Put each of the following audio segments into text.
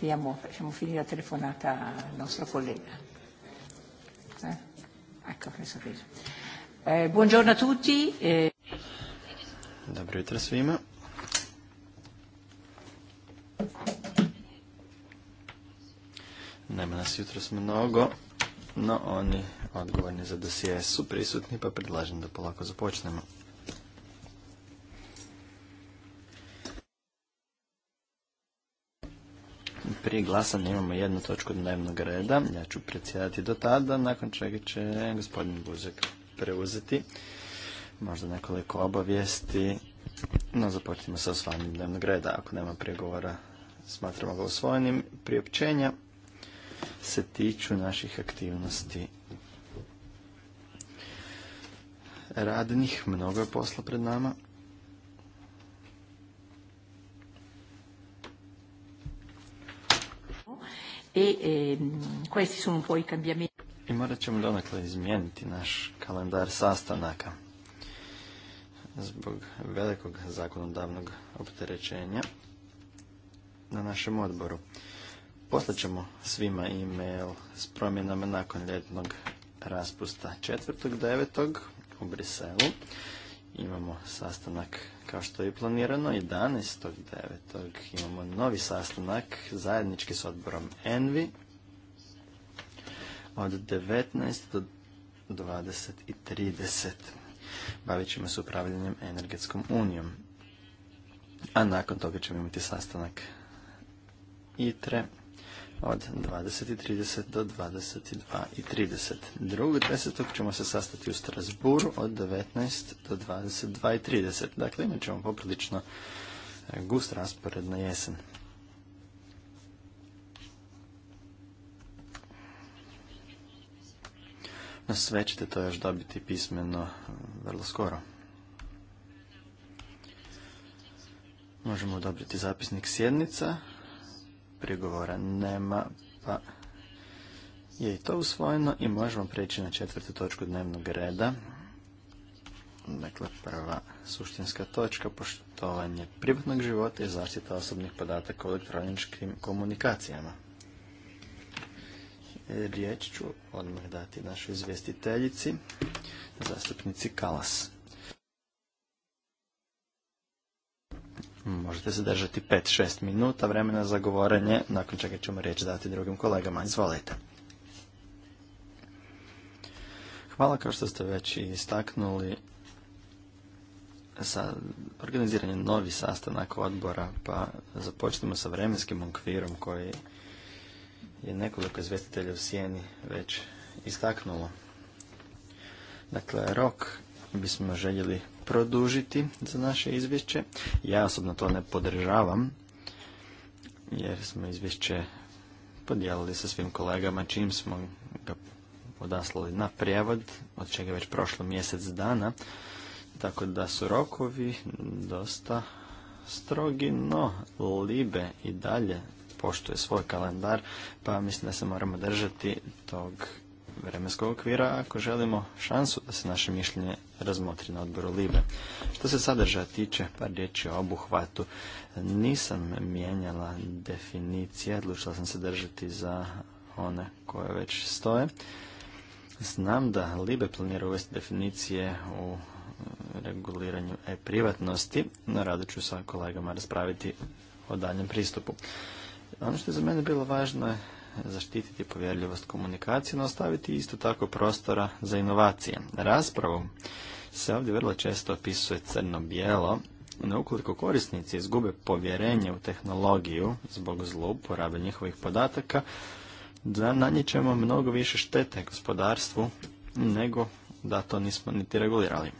Abbiamo, facciamo finire la telefonata al nostro collega. Eh? Ecco, Eh, buongiorno a tutti. Eh. Dobro jutro svima. Nema nas jutro mnogo, no oni odgovorni za dosije su prisutni, pa predlažem da polako započnemo. prije glasanja imamo jednu točku dnevnog reda. Ja ću predsjedati do tada, nakon čega će gospodin Buzek preuzeti možda nekoliko obavijesti. No, započnimo sa osvajanjem dnevnog reda. Ako nema pregovora, smatramo ga osvojenim. Priopćenja se tiču naših aktivnosti radnih. Mnogo je posla pred nama. e, questi sono poi i cambiamenti. I morat ćemo donakle izmijeniti naš kalendar sastanaka zbog velikog zakonodavnog opterećenja na našem odboru. Poslat ćemo svima e-mail s promjenama nakon ljetnog raspusta 4.9. u Briselu imamo sastanak kao što je i planirano. 11.9. imamo novi sastanak zajednički s odborom Envi od 19 do 20 i 30. Bavit ćemo se upravljanjem energetskom unijom. A nakon toga ćemo imati sastanak ITRE od 20.30 do 22.30. desetog ćemo se sastati u Strasburu od 19.00 do 22.30. Dakle, imat ćemo poprilično e, gust raspored na jesen. No sve ćete to još dobiti pismeno e, vrlo skoro. Možemo odobriti zapisnik sjednica prigovora nema, pa je i to usvojeno i možemo prijeći na četvrtu točku dnevnog reda. Dakle, prva suštinska točka, poštovanje privatnog života i zaštita osobnih podataka u elektroničkim komunikacijama. Riječ ću odmah dati našoj izvjestiteljici, zastupnici Kalas. Možete se držati 5-6 minuta vremena za govorenje, nakon čega ćemo riječ dati drugim kolegama. Izvolite. Hvala kao što ste već istaknuli sa organiziranjem novi sastanak odbora, pa započnemo sa vremenskim okvirom koji je nekoliko izvestitelja u Sijeni već istaknulo. Dakle, rok bismo željeli produžiti za naše izvješće. Ja osobno to ne podržavam, jer smo izvješće podijelili sa svim kolegama čim smo ga odaslali na prijevod, od čega je već prošlo mjesec dana, tako da su rokovi dosta strogi, no Libe i dalje poštuje svoj kalendar, pa mislim da se moramo držati tog vremenskog okvira ako želimo šansu da se naše mišljenje razmotri na odboru Libe. Što se sadržaja tiče, par riječi o obuhvatu. Nisam mijenjala definicije, odlučila sam se držati za one koje već stoje. Znam da Libe planira uvesti definicije u reguliranju e-privatnosti, no rado ću sa kolegama raspraviti o daljem pristupu. Ono što je za mene bilo važno je zaštititi povjerljivost komunikacije, no ostaviti isto tako prostora za inovacije. Raspravom se ovdje vrlo često opisuje crno-bijelo, no ukoliko korisnici izgube povjerenje u tehnologiju zbog zlouporabe njihovih podataka, da ćemo mnogo više štete gospodarstvu nego da to nismo niti regulirali.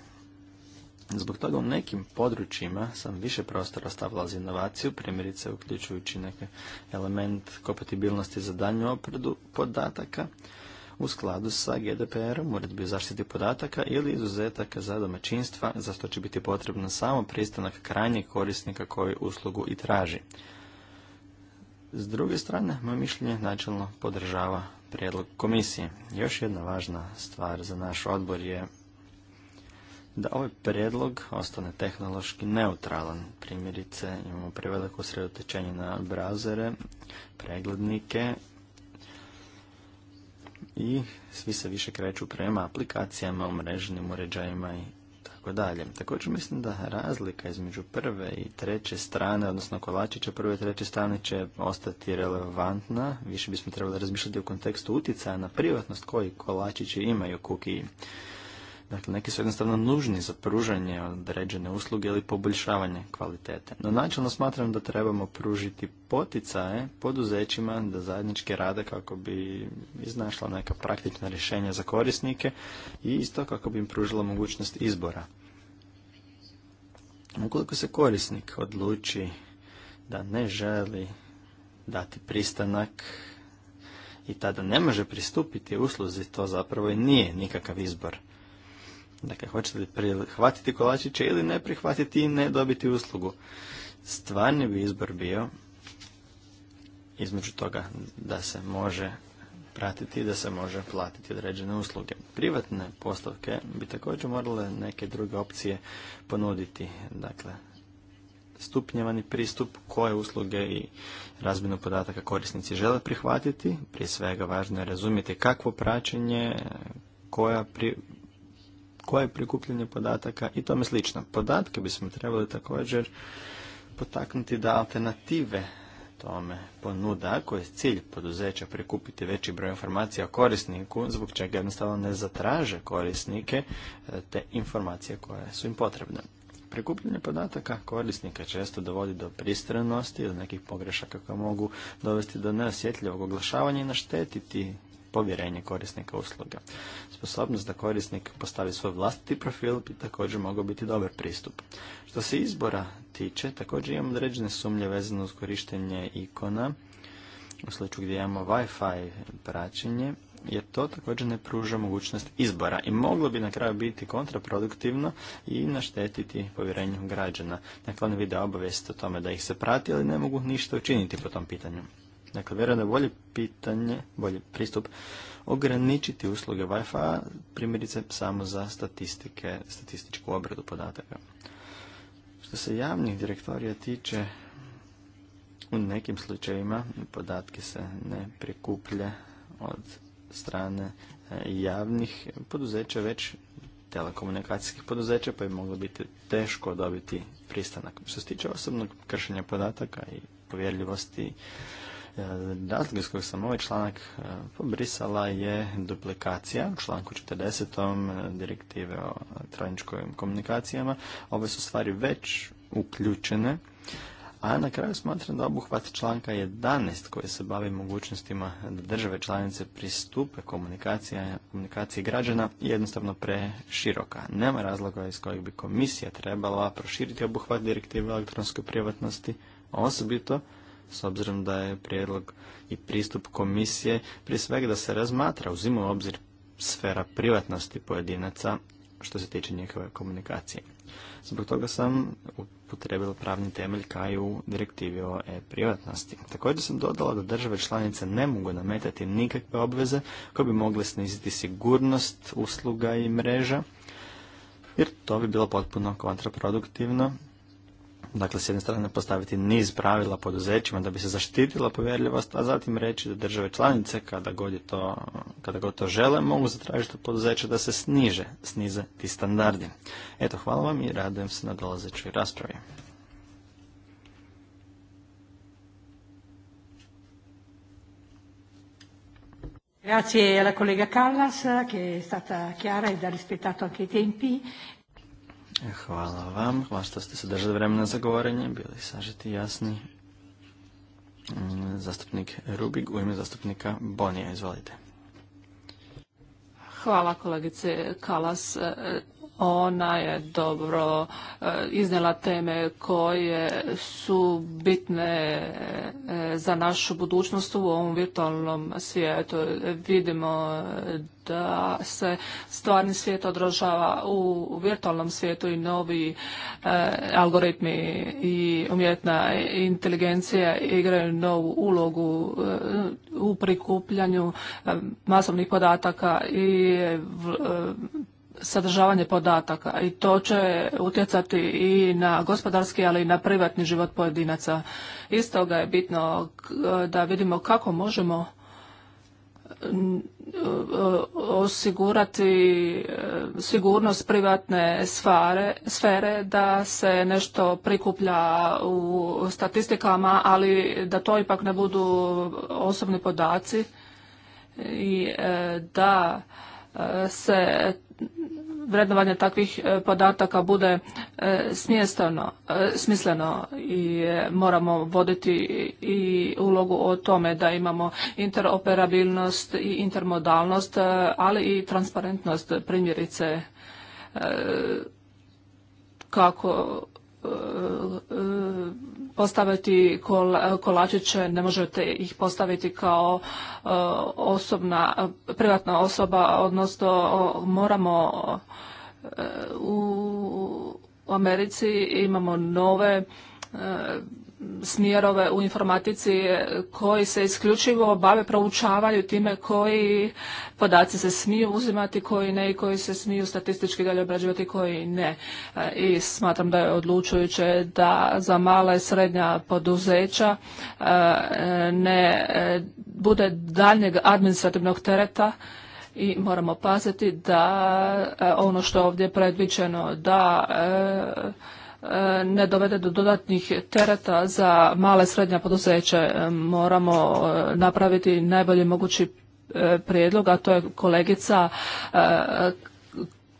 Zbog toga u nekim područjima sam više prostora stavila za inovaciju, primjerice uključujući neki element kompatibilnosti za danju opredu podataka u skladu sa GDPR-om, uredbi o zaštiti podataka ili izuzetaka za domaćinstva, za što će biti potrebno samo pristanak krajnjeg korisnika koji uslugu i traži. S druge strane, moje mišljenje načelno podržava prijedlog komisije. Još jedna važna stvar za naš odbor je da ovaj prijedlog ostane tehnološki neutralan. Primjerice imamo preveliko sredotečenje na brazere, preglednike i svi se više kreću prema aplikacijama, mrežnim uređajima i tako dalje. Također mislim da razlika između prve i treće strane, odnosno kolačića prve i treće strane će ostati relevantna. Više bismo trebali razmišljati u kontekstu utjecaja na privatnost koji kolačići imaju kukiji. Dakle, neki su jednostavno nužni za pružanje određene usluge ili poboljšavanje kvalitete. No načelno smatram da trebamo pružiti poticaje poduzećima da zajednički rade kako bi iznašla neka praktična rješenja za korisnike i isto kako bi im pružila mogućnost izbora. Ukoliko se korisnik odluči da ne želi dati pristanak i tada ne može pristupiti usluzi, to zapravo i nije nikakav izbor. Dakle, hoćete li prihvatiti kolačiće ili ne prihvatiti i ne dobiti uslugu. Stvarni bi izbor bio između toga da se može pratiti i da se može platiti određene usluge. Privatne postavke bi također morale neke druge opcije ponuditi. Dakle, stupnjevani pristup koje usluge i razmjenu podataka korisnici žele prihvatiti. Prije svega važno je razumjeti kakvo praćenje, koja pri, koje je prikupljanje podataka i tome slično. Podatke bismo trebali također potaknuti da alternative tome ponuda, ako je cilj poduzeća prikupiti veći broj informacija korisniku, zbog čega jednostavno ne zatraže korisnike e, te informacije koje su im potrebne. Prikupljanje podataka korisnika često dovodi do pristranosti do nekih pogrešaka koje mogu dovesti do neosjetljivog oglašavanja i naštetiti povjerenje korisnika usluga. Sposobnost da korisnik postavi svoj vlastiti profil bi također mogao biti dobar pristup. Što se izbora tiče, također imamo određene sumnje vezano uz korištenje ikona, u slučaju gdje imamo Wi-Fi praćenje, jer to također ne pruža mogućnost izbora i moglo bi na kraju biti kontraproduktivno i naštetiti povjerenju građana. Dakle, oni vide obavijest o tome da ih se prati, ali ne mogu ništa učiniti po tom pitanju. Dakle, vjerujem da je bolje pitanje, bolje pristup ograničiti usluge Wi-Fi primjerice samo za statistike, statističku obradu podataka. Što se javnih direktorija tiče, u nekim slučajevima podatke se ne prikuplje od strane e, javnih poduzeća, već telekomunikacijskih poduzeća, pa je moglo biti teško dobiti pristanak. Što se tiče osobnog kršenja podataka i povjerljivosti E, razlog iz kojeg sam ovaj članak e, pobrisala je duplikacija u članku 40. E, direktive o elektroničkim komunikacijama. Ove su stvari već uključene, a na kraju smatram da obuhvat članka 11 koji se bavi mogućnostima da države članice pristupe komunikaciji građana jednostavno preširoka. Nema razloga iz kojeg bi komisija trebala proširiti obuhvat direktive o elektronskoj privatnosti, osobito s obzirom da je prijedlog i pristup komisije prije svega da se razmatra, uzima u obzir sfera privatnosti pojedinaca što se tiče njihove komunikacije. Zbog toga sam upotrebila pravni temelj kao i u direktivi o e-privatnosti. Također sam dodala da države članice ne mogu nametati nikakve obveze koje bi mogle sniziti sigurnost usluga i mreža, jer to bi bilo potpuno kontraproduktivno Dakle, s jedne strane postaviti niz pravila poduzećima da bi se zaštitila povjerljivost, a zatim reći da države članice, kada god, to, kada god to žele, mogu zatražiti od poduzeća da se sniže, snize ti standardi. Eto, hvala vam i radujem se na dolazećoj raspravi. Grazie alla collega Callas che è stata chiara ed ha rispettato anche i tempi. Hvala vam. Hvala što ste se držali vremena za govorenje. Bili sažeti jasni. Mm, zastupnik Rubik u ime zastupnika Bonija. Izvolite. Hvala kolegice Kalas. Ona je dobro e, iznijela teme koje su bitne e, za našu budućnost u ovom virtualnom svijetu. Vidimo da se stvarni svijet odražava u virtualnom svijetu i novi e, algoritmi i umjetna inteligencija igraju novu ulogu u prikupljanju masovnih podataka i sadržavanje podataka i to će utjecati i na gospodarski, ali i na privatni život pojedinaca. Istoga je bitno eh, da vidimo kako možemo eh, osigurati eh, sigurnost privatne sfere da se nešto prikuplja u statistikama, ali da to ipak ne budu osobni podaci i da se vrednovanje takvih e, podataka bude e, e, smisleno i moramo voditi i ulogu o tome da imamo interoperabilnost i intermodalnost, ali i transparentnost primjerice kako postaviti kolačiće, ne možete ih postaviti kao e, osobna, privatna osoba, odnosno moramo e, u Americi imamo nove e, smjerove u informatici koji se isključivo bave, proučavaju time koji podaci se smiju uzimati, koji ne i koji se smiju statistički dalje obrađivati, koji ne. E, I smatram da je odlučujuće da za mala i srednja poduzeća e, ne e, bude daljnjeg administrativnog tereta i moramo paziti da ono što ovdje je predviđeno da E, ne dovede do dodatnih tereta za male srednja poduzeća. E, moramo e, napraviti najbolji mogući prijedlog, a to je kolegica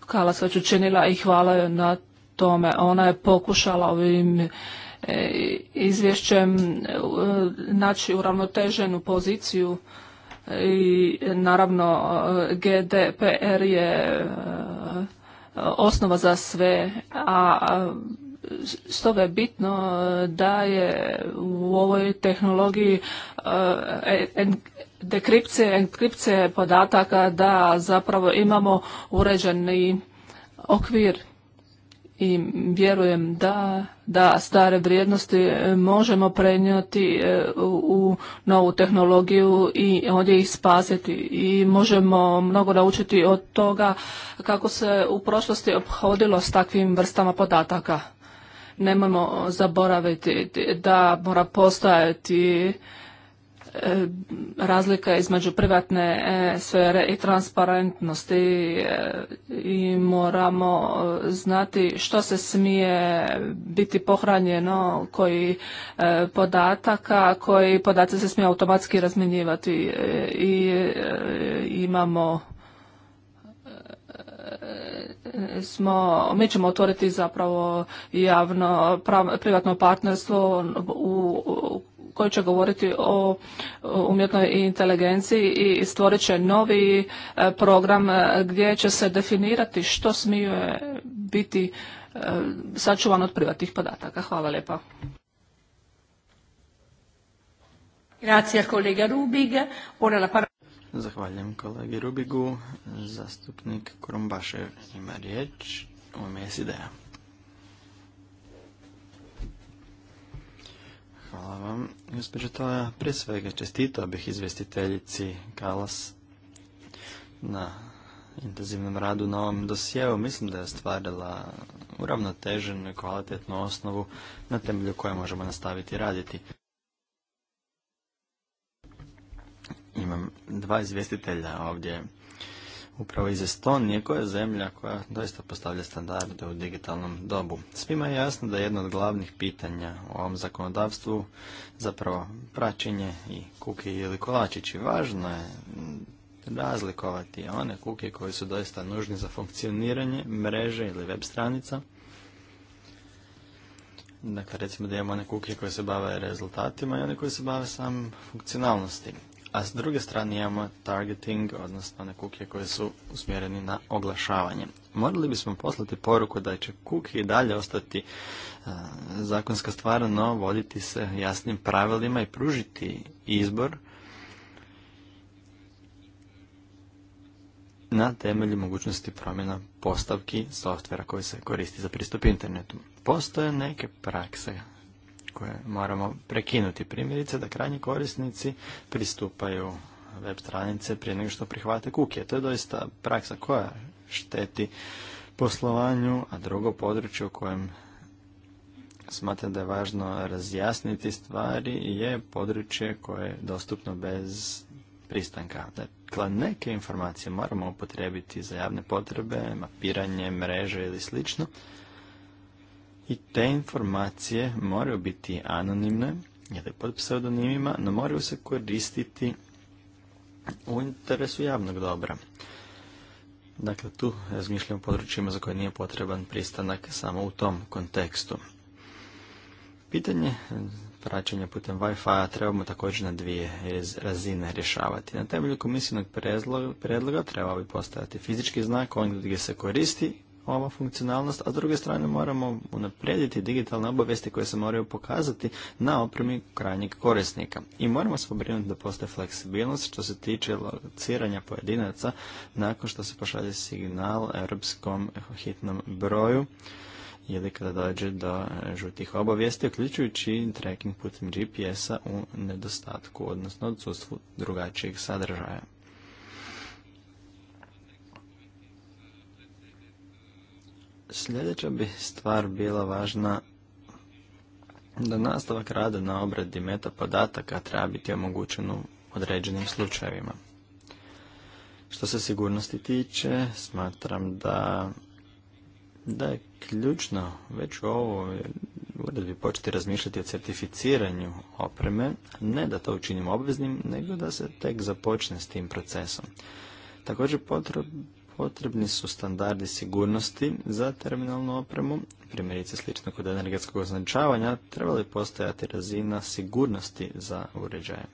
Kala već učinila i hvala joj na tome. Ona je pokušala ovim izvješćem naći uravnoteženu poziciju i naravno GDPR je osnova za sve, a stoga je bitno e, da je u ovoj tehnologiji e, dekripcije, enkripcije podataka da zapravo imamo uređeni okvir i vjerujem da, da stare vrijednosti možemo prenijeti e, u novu tehnologiju i ovdje ih spasiti i možemo mnogo naučiti od toga kako se u prošlosti obhodilo s takvim vrstama podataka. Nemojmo zaboraviti da mora postojati e, razlika između privatne e, sfere i transparentnosti e, i moramo znati što se smije biti pohranjeno, koji podataka, koji podaci se smije automatski razmjenjivati i imamo smo, mi ćemo otvoriti zapravo javno privatno partnerstvo u, u će govoriti o umjetnoj inteligenciji i stvorit će novi e, program e, gdje će se definirati što smije biti e, sačuvan od privatnih podataka. Hvala lijepa. Grazie Rubig. Ora la Zahvaljujem kolegi Rubigu. Zastupnik Krumbašev ima riječ u ime SID-a. Hvala vam. Gospođo prije svega čestitao bih izvestiteljici Kalas na intenzivnom radu na ovom dosijevu. Mislim da je stvarila uravnoteženu i kvalitetnu osnovu na temelju koje možemo nastaviti raditi. imam dva izvjestitelja ovdje upravo iz Estonije, koja je zemlja koja doista postavlja standarde u digitalnom dobu. Svima je jasno da je jedno od glavnih pitanja u ovom zakonodavstvu zapravo praćenje i kuki ili kolačići. Važno je razlikovati one kuke koje su doista nužni za funkcioniranje mreže ili web stranica. Dakle, recimo da imamo one kuke koje se bave rezultatima i one koje se bave sam funkcionalnosti a s druge strane imamo targeting, odnosno one kukije koje su usmjereni na oglašavanje. Morali bismo poslati poruku da će kuki i dalje ostati e, zakonska stvar, no voditi se jasnim pravilima i pružiti izbor na temelju mogućnosti promjena postavki softvera koji se koristi za pristup internetu. Postoje neke prakse koje moramo prekinuti. Primjerice da krajnji korisnici pristupaju web stranice prije nego što prihvate kuke. To je doista praksa koja šteti poslovanju, a drugo područje u kojem smatram da je važno razjasniti stvari je područje koje je dostupno bez pristanka. Dakle, neke informacije moramo upotrebiti za javne potrebe, mapiranje, mreže ili slično, i te informacije moraju biti anonimne ili pod pseudonimima, no moraju se koristiti u interesu javnog dobra. Dakle, tu razmišljamo o područjima za koje nije potreban pristanak samo u tom kontekstu. Pitanje praćenja putem Wi-Fi-a trebamo također na dvije razine rješavati. Na temelju komisijnog predloga, predloga trebao bi postojati fizički znak, on gdje se koristi ova funkcionalnost, a s druge strane moramo unaprijediti digitalne obavijesti koje se moraju pokazati na opremi krajnjeg korisnika. I moramo se pobrinuti da postoje fleksibilnost što se tiče lociranja pojedinaca nakon što se pošalje signal europskom hitnom broju ili kada dođe do žutih obavijesti, uključujući tracking putem GPS-a u nedostatku, odnosno odsustvu drugačijeg sadržaja. Sljedeća bi stvar bila važna da nastavak rada na obradi metapodataka treba biti omogućen u određenim slučajevima. Što se sigurnosti tiče, smatram da, da je ključno već u ovoj uredbi početi razmišljati o certificiranju opreme, ne da to učinimo obveznim, nego da se tek započne s tim procesom. Također potrebno Potrebni su standardi sigurnosti za terminalnu opremu, primjerice slično kod energetskog označavanja, trebali bi postojati razina sigurnosti za uređaje.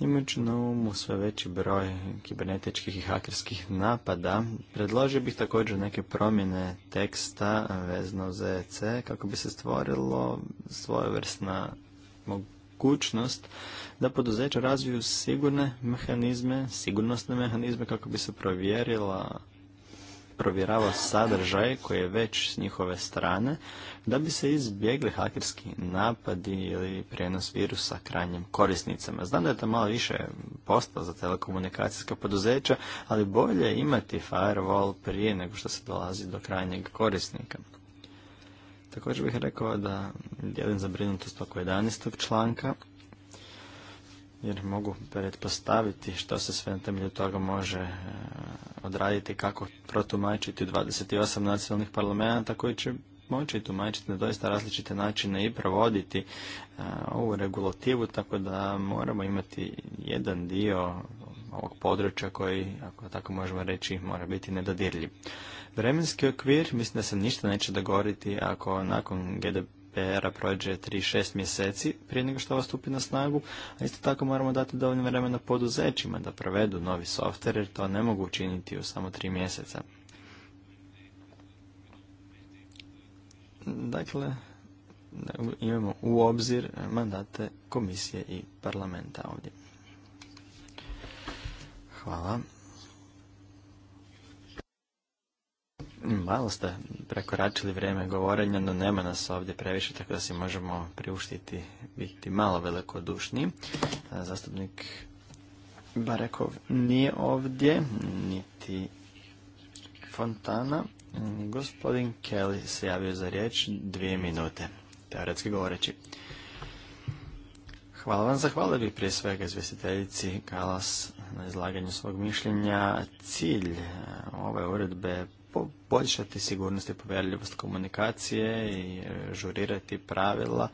Imajući na umu sve veći broj kibernetičkih i hakerskih napada, predložio bih također neke promjene teksta vezno za EC kako bi se stvorilo svojevrsna mogućnost da poduzeća razviju sigurne mehanizme, sigurnosne mehanizme kako bi se provjerila provjeravao sadržaj koji je već s njihove strane da bi se izbjegli hakerski napadi ili prijenos virusa krajnjim korisnicama. Znam da je to malo više posta za telekomunikacijska poduzeća, ali bolje imati firewall prije nego što se dolazi do krajnjeg korisnika. Također bih rekao da dijelim zabrinutost oko 11. članka, jer mogu pretpostaviti što se sve na temelju toga može eh, odraditi, kako protumačiti 28 nacionalnih parlamenta koji će moći tumačiti na doista različite načine i provoditi e, ovu regulativu, tako da moramo imati jedan dio ovog područja koji, ako tako možemo reći, mora biti nedodirljiv. Vremenski okvir, mislim da se ništa neće dogoriti ako nakon GDPR-a prođe 3-6 mjeseci prije nego što ovo stupi na snagu, a isto tako moramo dati dovoljno vremena poduzećima da provedu novi softver jer to ne mogu učiniti u samo 3 mjeseca. Dakle, imamo u obzir mandate komisije i parlamenta ovdje. Hvala. Malo ste prekoračili vrijeme govorenja, no nema nas ovdje previše, tako da si možemo priuštiti biti malo velikodušniji. E, zastupnik Barekov nije ovdje, niti Fontana. Mm, gospodin Kelly se javio za riječ dvije minute, teoretski govoreći. Hvala vam, zahvalio bih prije svega izvjestiteljici Kalas na izlaganju svog mišljenja. Cilj e, ove uredbe poboljšati sigurnost i povjerljivost komunikacije i e, žurirati pravila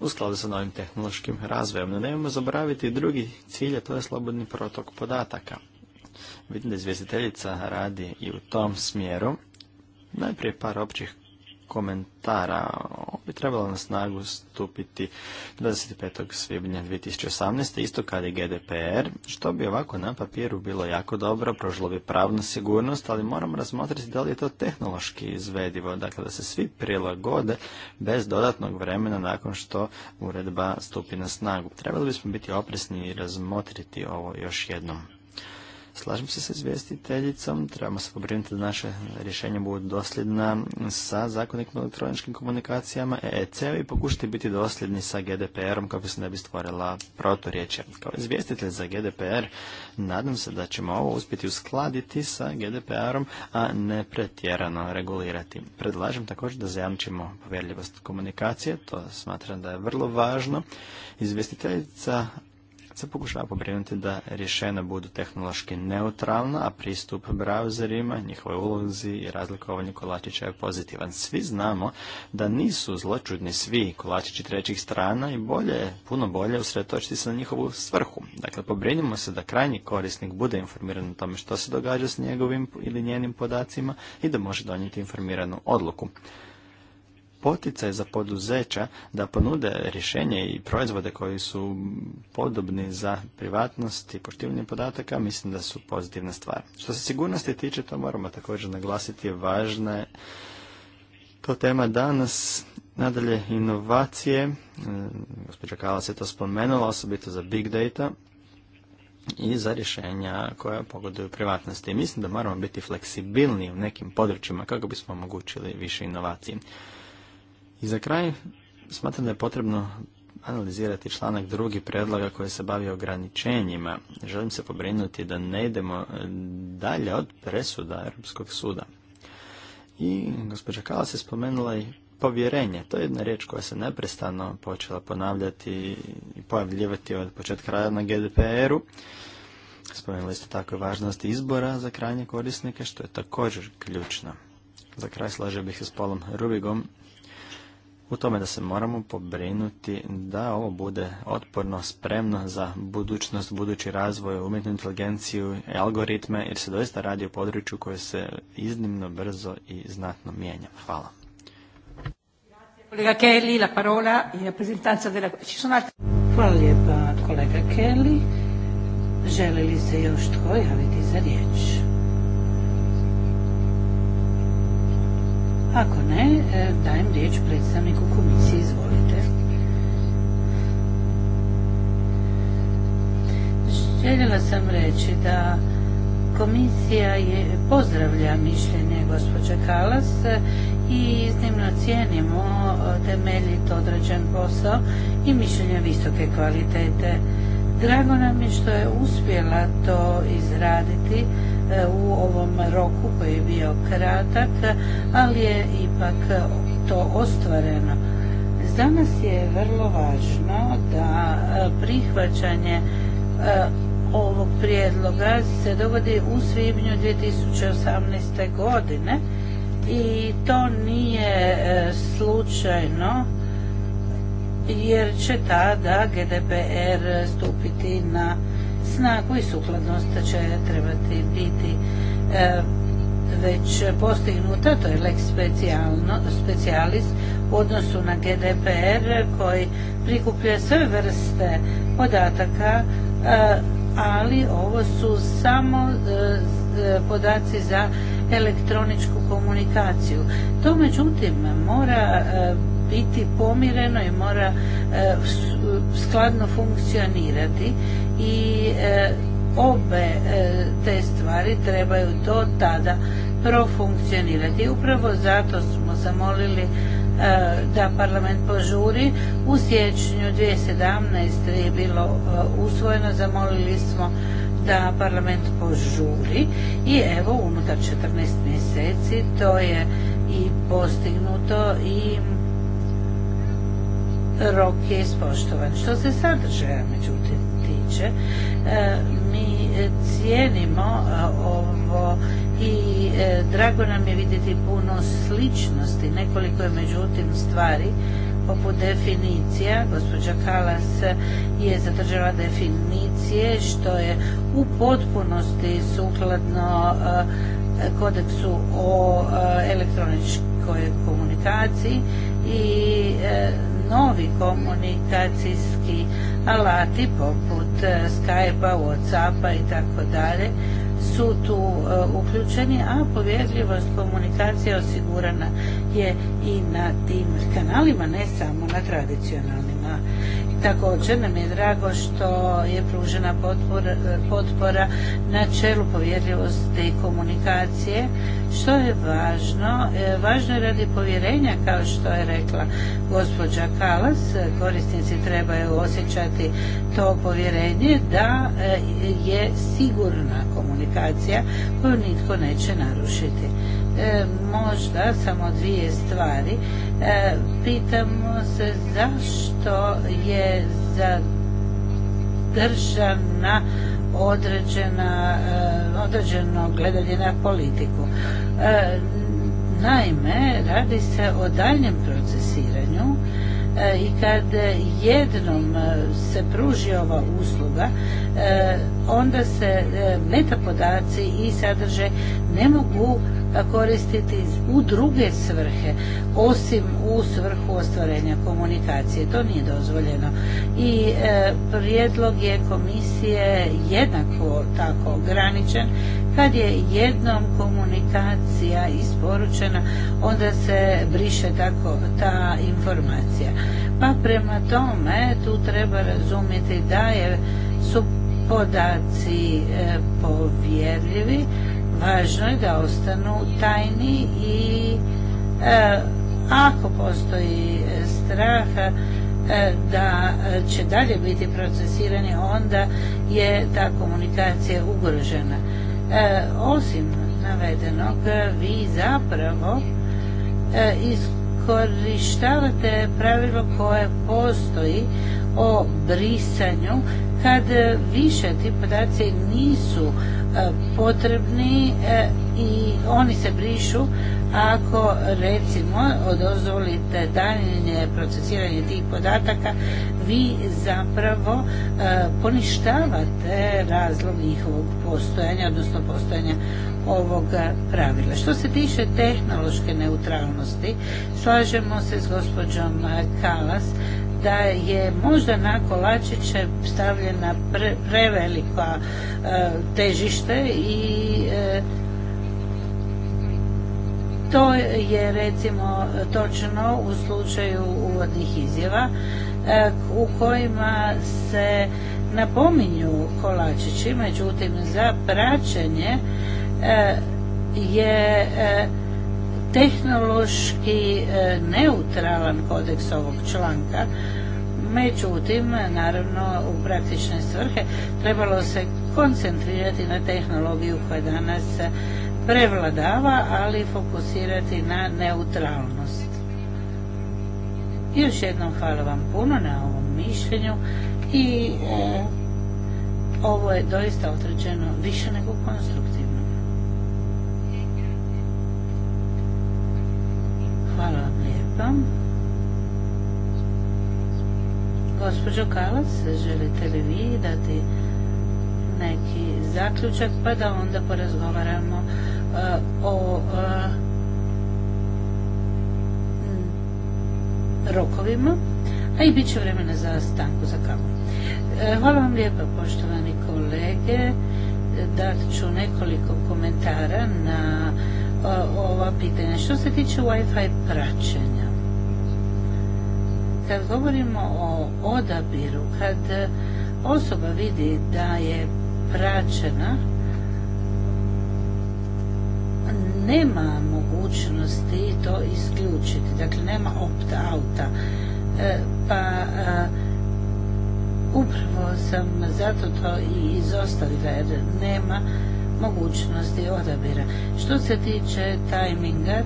u skladu sa novim tehnološkim razvojem. No nemojmo zaboraviti drugi cilj, a to je slobodni protok podataka. Vidim da izvjestiteljica radi i u tom smjeru. Najprije par općih komentara. Ovo bi trebalo na snagu stupiti 25. svibnja 2018. isto kad je GDPR, što bi ovako na papiru bilo jako dobro, prožilo bi pravnu sigurnost, ali moramo razmotriti da li je to tehnološki izvedivo, dakle da se svi prilagode bez dodatnog vremena nakon što uredba stupi na snagu. Trebali bismo biti opresni i razmotriti ovo još jednom. Slažem se sa izvjestiteljicom, trebamo se pobrinuti da naše rješenja budu dosljedna sa zakonikom o elektroničkim komunikacijama eec i pokušati biti dosljedni sa GDPR-om kako se ne bi stvorila proturječja. Kao izvjestitelj za GDPR nadam se da ćemo ovo uspjeti uskladiti sa GDPR-om, a ne pretjerano regulirati. Predlažem također da zajamčimo povjerljivost komunikacije, to smatram da je vrlo važno. Izvjestiteljica se pokušava pobrinuti da rješenja budu tehnološki neutralna, a pristup brauzerima, njihovoj ulozi i razlikovanju kolačića je pozitivan. Svi znamo da nisu zločudni svi kolačići trećih strana i bolje, puno bolje usredotočiti se na njihovu svrhu. Dakle, pobrinimo se da krajnji korisnik bude informiran o tome što se događa s njegovim ili njenim podacima i da može donijeti informiranu odluku poticaj za poduzeća da ponude rješenje i proizvode koji su podobni za privatnost i poštivanje podataka, mislim da su pozitivna stvar. Što se sigurnosti tiče, to moramo također naglasiti, važna je to tema danas. Nadalje, inovacije, e, gospođa Kalas se to spomenula, osobito za big data i za rješenja koja pogoduju privatnosti. Mislim da moramo biti fleksibilni u nekim područjima kako bismo omogućili više inovacije. I za kraj smatram da je potrebno analizirati članak drugi predloga koji se bavi ograničenjima. Želim se pobrinuti da ne idemo e, dalje od presuda Europskog suda. I gospođa Kalas se spomenula i povjerenje. To je jedna riječ koja se neprestano počela ponavljati i pojavljivati od početka rada na GDPR-u. Spomenuli ste tako važnost izbora za krajnje korisnike, što je također ključno. Za kraj slaže bih se s Polom Rubigom u tome da se moramo pobrinuti da ovo bude otporno, spremno za budućnost, budući razvoj, umjetnu inteligenciju i algoritme, jer se doista radi o području koje se iznimno brzo i znatno mijenja. Hvala. Kolega Kelly, la Hvala lijepa kolega Kelly. Želi li se još tko javiti za riječ? Ako ne, e, dajem riječ predstavniku komisije, izvolite. Željela sam reći da komisija je, pozdravlja mišljenje gospođe Kalas i iznimno cijenimo e, temeljit određen posao i mišljenje visoke kvalitete Drago nam je što je uspjela to izraditi e, u ovom roku koji je bio kratak, ali je ipak to ostvareno. Danas je vrlo važno da e, prihvaćanje e, ovog prijedloga se dogodi u svibnju 2018. godine i to nije slučajno jer će tada GDPR stupiti na snagu i sukladnost će trebati biti e, već postignuta, to je lex specialis u odnosu na GDPR koji prikuplja sve vrste podataka, e, ali ovo su samo e, podaci za elektroničku komunikaciju. To međutim mora biti pomireno i mora e, skladno funkcionirati i e, obe e, te stvari trebaju do tada profunkcionirati. Upravo zato smo zamolili da parlament požuri. U siječnju 2017. je bilo usvojeno, zamolili smo da parlament požuri i evo unutar 14 mjeseci to je i postignuto i rok je ispoštovan. Što se sadržaja međutim tiče, e, mi cijenimo e, ovo i e, drago nam je vidjeti puno sličnosti. Nekoliko je međutim stvari poput definicija, gospođa Kalas je zadržala definicije što je u potpunosti sukladno kodeksu o elektroničkoj komunikaciji i novi komunikacijski alati poput e, Skype-a, Whatsappa i tako dalje su tu e, uključeni, a povjerljivost komunikacije osigurana je i na tim kanalima, ne samo na tradicionalnim. Također nam je drago što je pružena e, potpora, na čelu povjerljivosti i komunikacije, što je važno. E, važno je radi povjerenja, kao što je rekla gospođa Kalas, korisnici trebaju osjećati to povjerenje da e, je sigurna komunikacija koju nitko neće narušiti. E, možda samo dvije stvari. E, pitamo se zašto je zadržana određena, e, određeno gledanje na politiku. Naime, radi se o daljnjem procesiranju i kad jednom se pruži ova usluga, onda se e, meta podaci i sadržaj ne mogu koristiti u druge svrhe osim u svrhu ostvarenja komunikacije. To nije dozvoljeno. I e, prijedlog je komisije jednako tako ograničen. Kad je jednom komunikacija isporučena, onda se briše tako ta informacija. Pa prema tome tu treba razumjeti da je su podaci e, povjerljivi, važno je da ostanu tajni i e, ako postoji e, straha da će dalje biti procesirani, onda je ta komunikacija ugrožena. Osim navedenog, vi zapravo iskorištavate pravilo koje postoji o brisanju kad e, više ti podaci nisu e, potrebni e, i oni se brišu ako recimo odozvolite daljnje procesiranje tih podataka vi zapravo poništavate razlog njihovog postojanja odnosno postojanja ovoga pravila. Što se tiče tehnološke neutralnosti slažemo se s gospođom Kalas da je možda na kolačiće stavljena prevelika e, težište i e, to je recimo točno u slučaju uvodnih izjava e, u kojima se napominju kolačići, međutim za praćenje je tehnološki e, neutralan kodeks ovog članka, međutim, naravno u praktične svrhe trebalo se koncentrirati na tehnologiju koja danas prevladava, ali fokusirati na neutralnost. Još jednom hvala vam puno na ovom mišljenju i e, ovo je doista određeno više nego konstruktivno. Hvala lijepa. Gospođo Kalas, želite li vi dati neki zaključak pa da onda porazgovaramo eh, o eh, rokovima, a i bit će vremena za stanku za kavu. Eh, hvala vam lijepa poštovani kolege, dat ću nekoliko komentara na pa, ova pitanja. Što se tiče Wi-Fi praćenja, kad govorimo o odabiru, kad osoba vidi da je praćena, nema mogućnosti to isključiti, dakle nema opt-outa. E, pa e, upravo sam zato to i izostavila jer nema mogućnosti odabira. Što se tiče tajminga,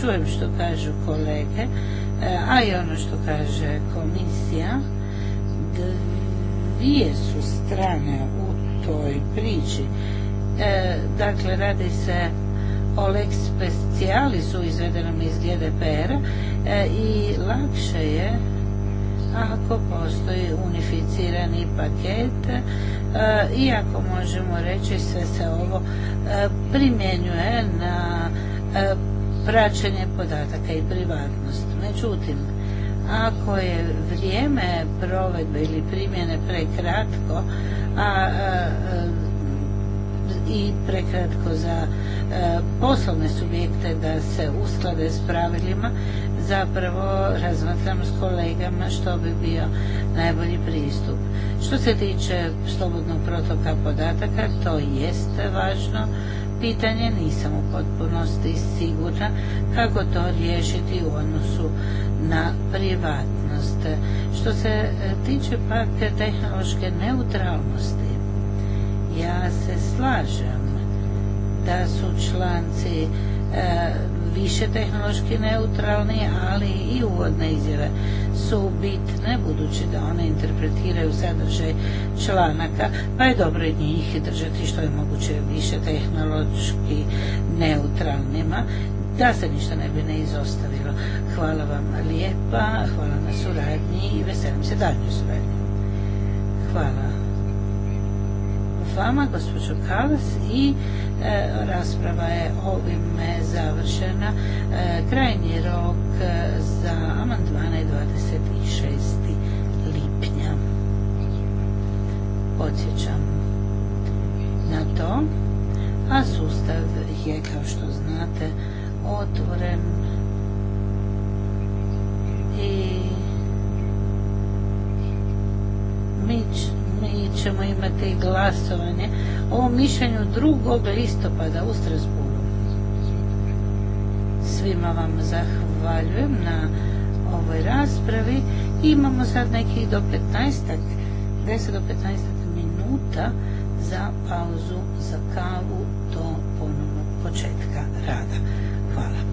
čujem što kažu kolege, eh, a i ono što kaže komisija, dvije su strane u toj priči. Eh, dakle, radi se o lex specialisu izvedenom iz gdpr eh, i lakše je ako postoji unificirani paket e, iako možemo reći se se ovo e, primjenjuje na e, praćenje podataka i privatnost. Međutim, ako je vrijeme provedbe ili primjene prekratko, a i prekratko za e, poslovne subjekte da se usklade s pravilima, zapravo razmatram s kolegama što bi bio najbolji pristup. Što se tiče slobodnog protoka podataka, to jest važno pitanje, nisam u potpunosti sigurna kako to riješiti u odnosu na privatnost. Što se e, tiče pak tehnološke neutralnosti, ja se slažem da su članci e, više tehnološki neutralni, ali i uvodne izjave su bitne, budući da one interpretiraju sadržaj članaka, pa je dobro i njih držati što je moguće više tehnološki neutralnima, da se ništa ne bi ne izostavilo. Hvala vam lijepa, hvala na suradnji i veselim se daljnjoj suradnju. Hvala vama, gospođo Kalas, i e, rasprava je ovime završena. E, krajnji rok e, za amandmane 26. lipnja. Podsjećam na to, a sustav je, kao što znate, otvoren i mi ćemo imati glasovanje o mišljenju 2. listopada u Strasburu. Svima vam zahvaljujem na ovoj raspravi. Imamo sad nekih do 15, 10 do 15 minuta za pauzu za kavu do ponovnog početka rada. Hvala.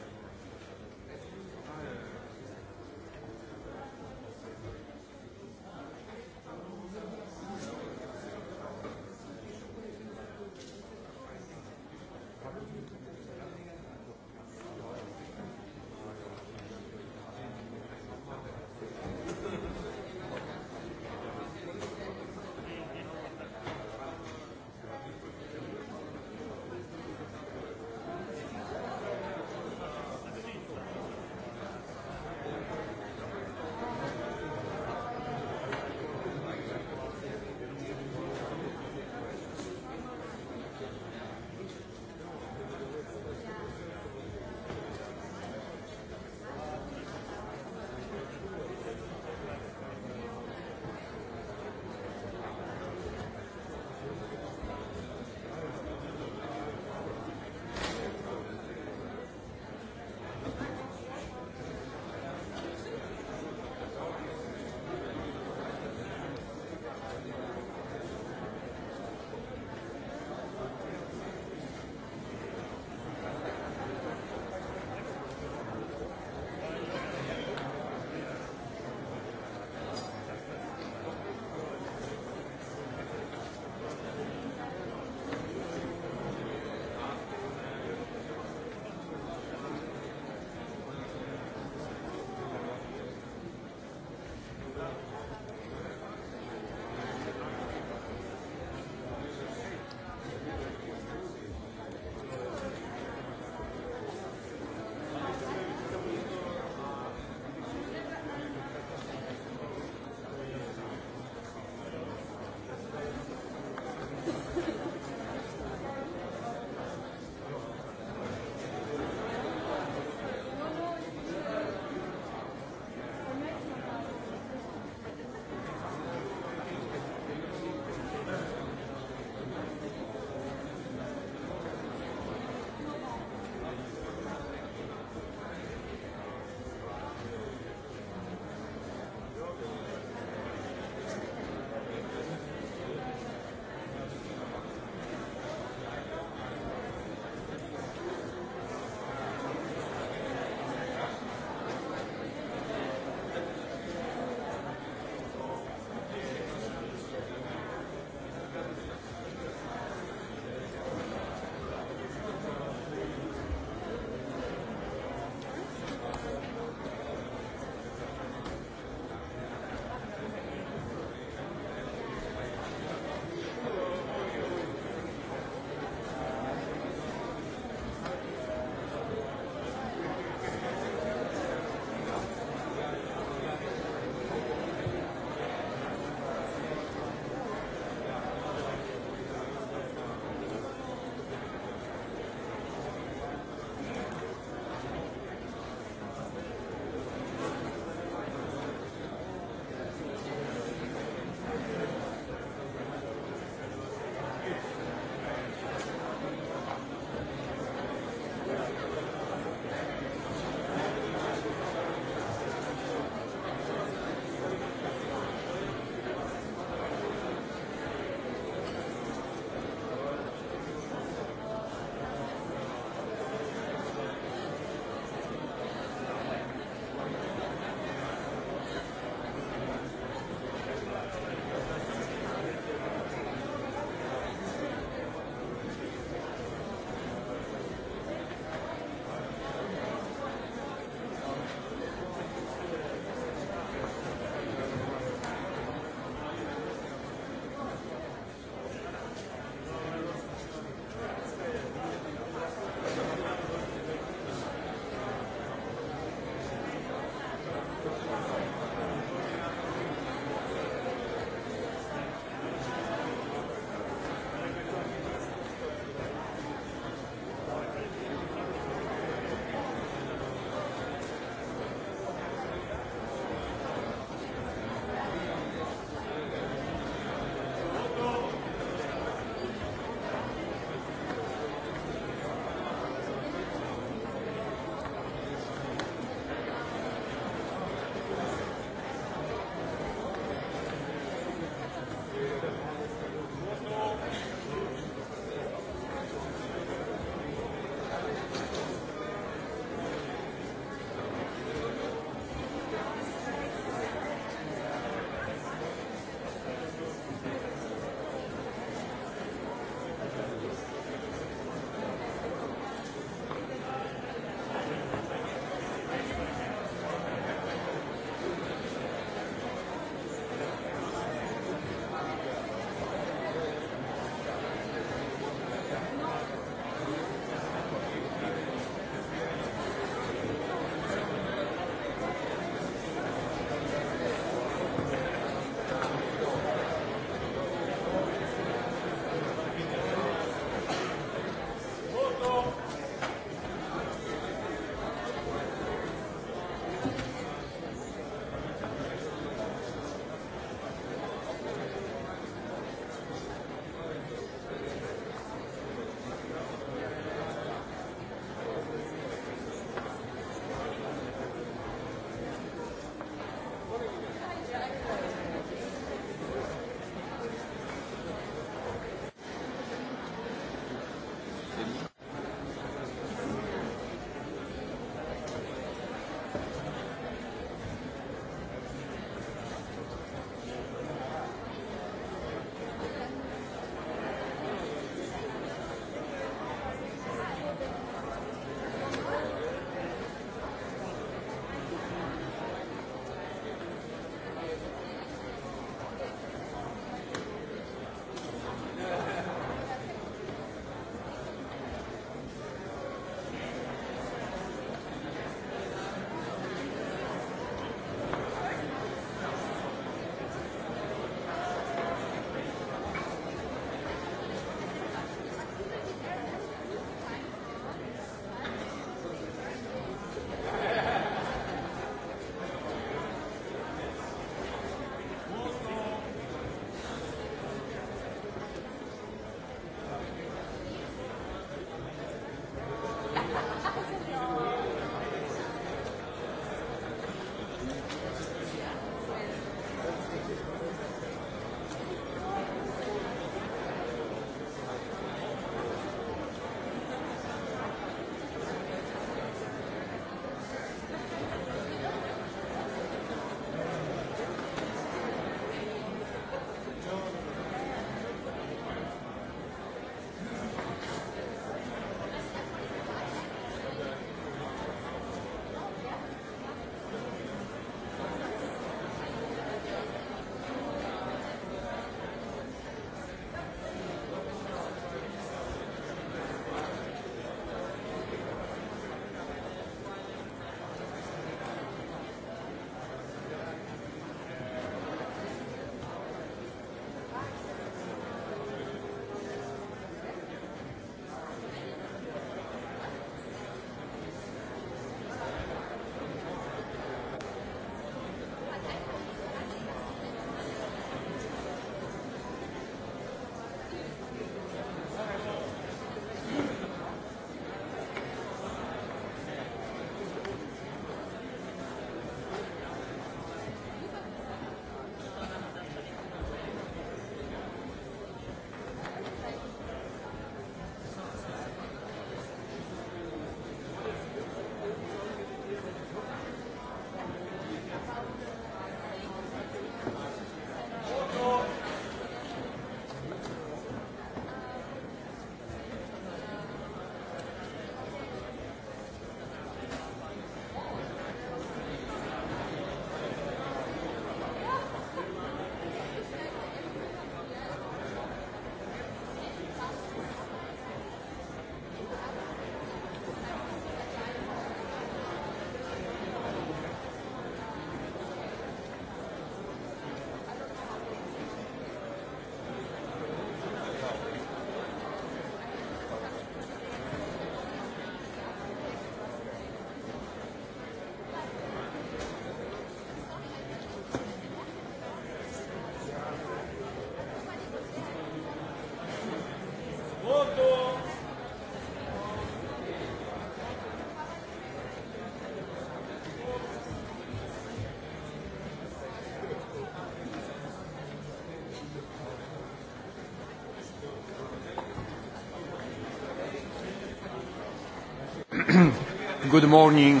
Good morning,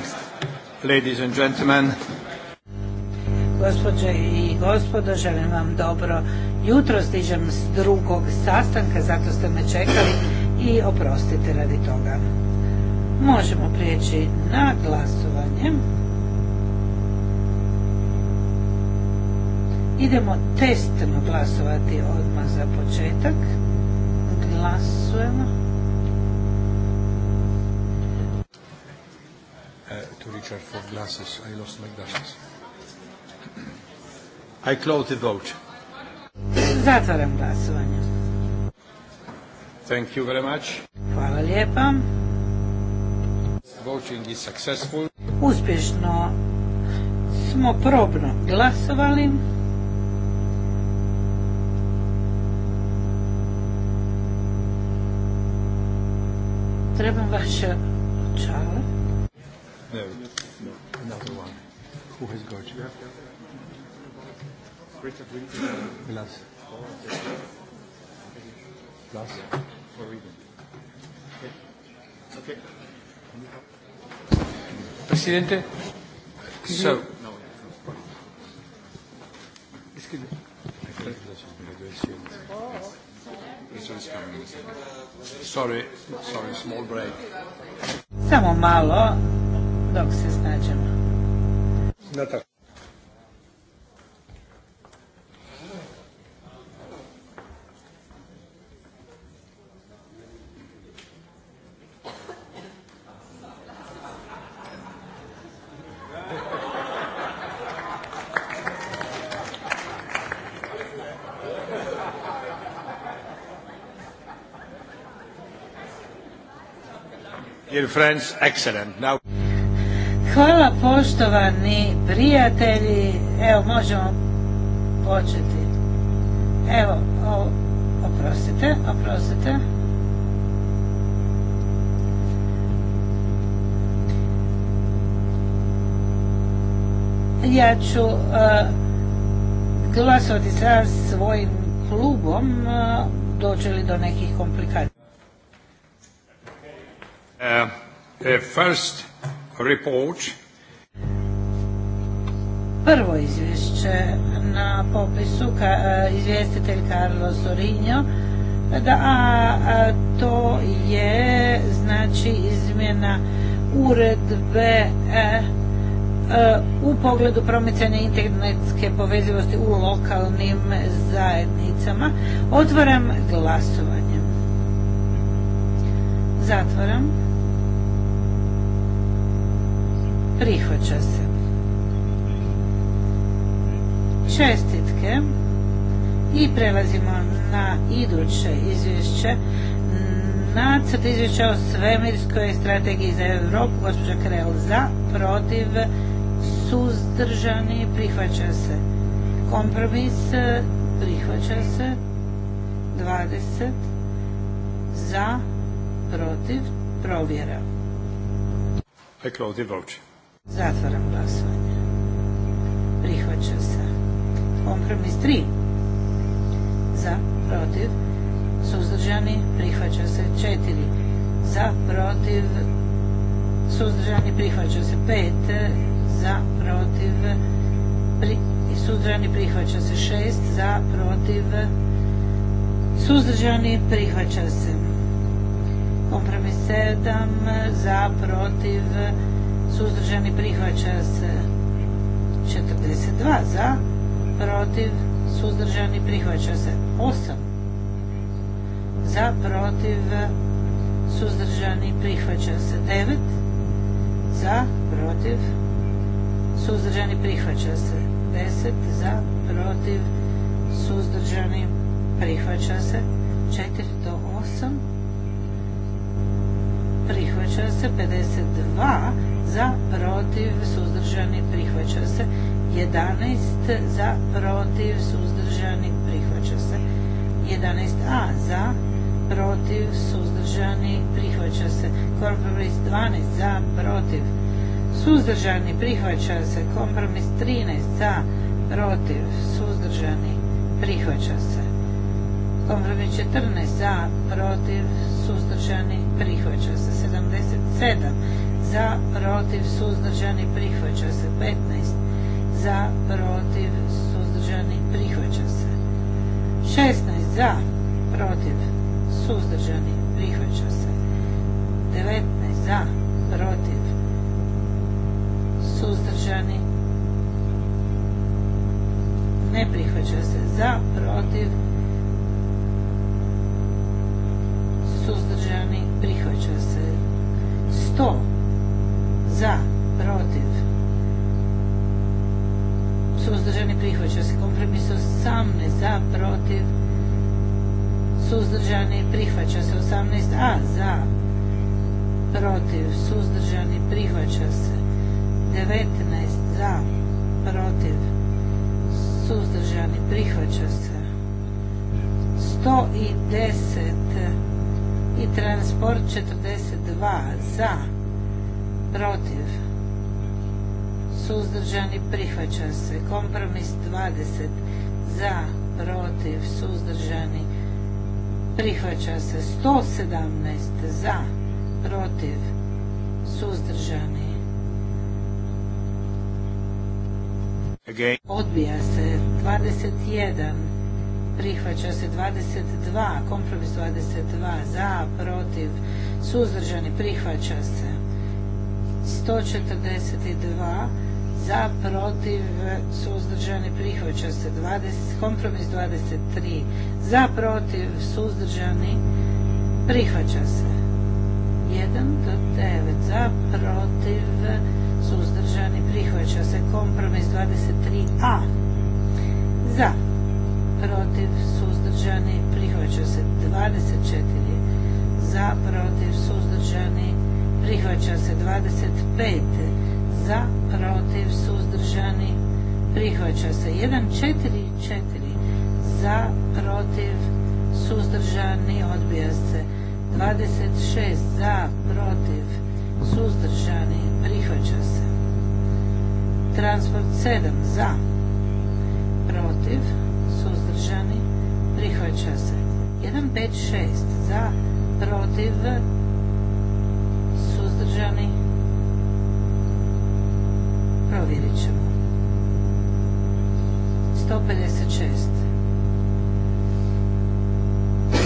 ladies and gentlemen. Gospođe i gospodo, želim vam dobro jutro. Stižem s drugog sastanka, zato ste me čekali i oprostite radi toga. Možemo prijeći na glasovanje. Idemo testno glasovati odmah za početak. Glasujemo. voucher for glasses. I lost my glasses. I close the vote. Zatvaram glasovanje. Thank you very much. Hvala lijepa. Voting is successful. Uspješno smo probno glasovali. Trebam vaše očale. Ne Who has got you? Glass. Plus. For reading. Okay. Presidente. So. Excuse me. Sorry, sorry, small break. Samo malo dok se snađemo na tako. Dear friends, excellent. Now... Hvala poštovani prijatelji. Evo, možemo početi. Evo, oprostite, oprostite. Ja ću e, glasovati sa svojim klubom, uh, li do nekih komplikacija. Uh, uh, Prvo izvješće na popisu e, izvjestitelj Carlo Sorinjo, a to je znači izmjena uredbe e, e, u pogledu promicanja internetske povezivosti u lokalnim zajednicama. Otvaram glasovanje. Zatvaram. Prihvaća se. Čestitke. I prelazimo na iduće izvješće. Nacrt izvješća o svemirskoj strategiji za Europu, gospođa Krel za, protiv, suzdržani, prihvaća se. Kompromis, prihvaća se. 20 za, protiv, provjera. I close Zatvaram glasovanje. Prihvaća se. Kompromis 3. Za, protiv, suzdržani, prihvaća se 4. Za, protiv, suzdržani, prihvaća se 5. Za, protiv, suzdržani, prihvaća se 6. Za, protiv, suzdržani, prihvaća se. Kompromis 7. Za, protiv, suzdržani, suzdržani prihvaća se 42 za protiv suzdržani prihvaća se 8 za protiv suzdržani prihvaća se 9 za protiv suzdržani prihvaća se 10 za protiv suzdržani prihvaća se 4 do 8 prihvaća se 52 za, protiv, suzdržani, prihvaća se. 11 za, protiv, suzdržani, prihvaća se. 11a za, protiv, suzdržani, prihvaća se. Kompromis 12 za, protiv, suzdržani, prihvaća se. Kompromis 13 za, protiv, suzdržani, prihvaća se. Kompromis 14 za, protiv, suzdržani, prihvaća se. 77 za, protiv, suzdržani, prihvaća se. 15 za, protiv, suzdržani, prihvaća se. 16 za, protiv, suzdržani, prihvaća se. 19 za, protiv, suzdržani, ne prihvaća se. Za, protiv, suzdržani, prihvaća se. 100 za, protiv, suzdržani prihvaća se. Kompromis 18 za, protiv, suzdržani prihvaća se. 18a za, protiv, suzdržani prihvaća se. 19 za, protiv, suzdržani prihvaća se. 110 i transport 42 za, protiv, suzdržani prihvaća se. Kompromis 20 za, protiv, suzdržani prihvaća se. 117 za, protiv, suzdržani. Odbija se 21, prihvaća se 22, kompromis 22 za, protiv, suzdržani prihvaća se. 142 za, protiv, suzdržani, prihvaća se 20, kompromis 23, za, protiv, suzdržani, prihvaća se 1 do 9, za, protiv, suzdržani, prihvaća se kompromis 23a, za, protiv, suzdržani, prihvaća se 24, za, protiv, suzdržani, prihvaća se 25 za, protiv, suzdržani, prihvaća se 1, 4, za, protiv, suzdržani, odbija se 26 za, protiv, suzdržani, prihvaća se transport 7 za, protiv, suzdržani, prihvaća se 1, 5, 6 za, protiv, suzdržani? Provjerit ćemo. 156.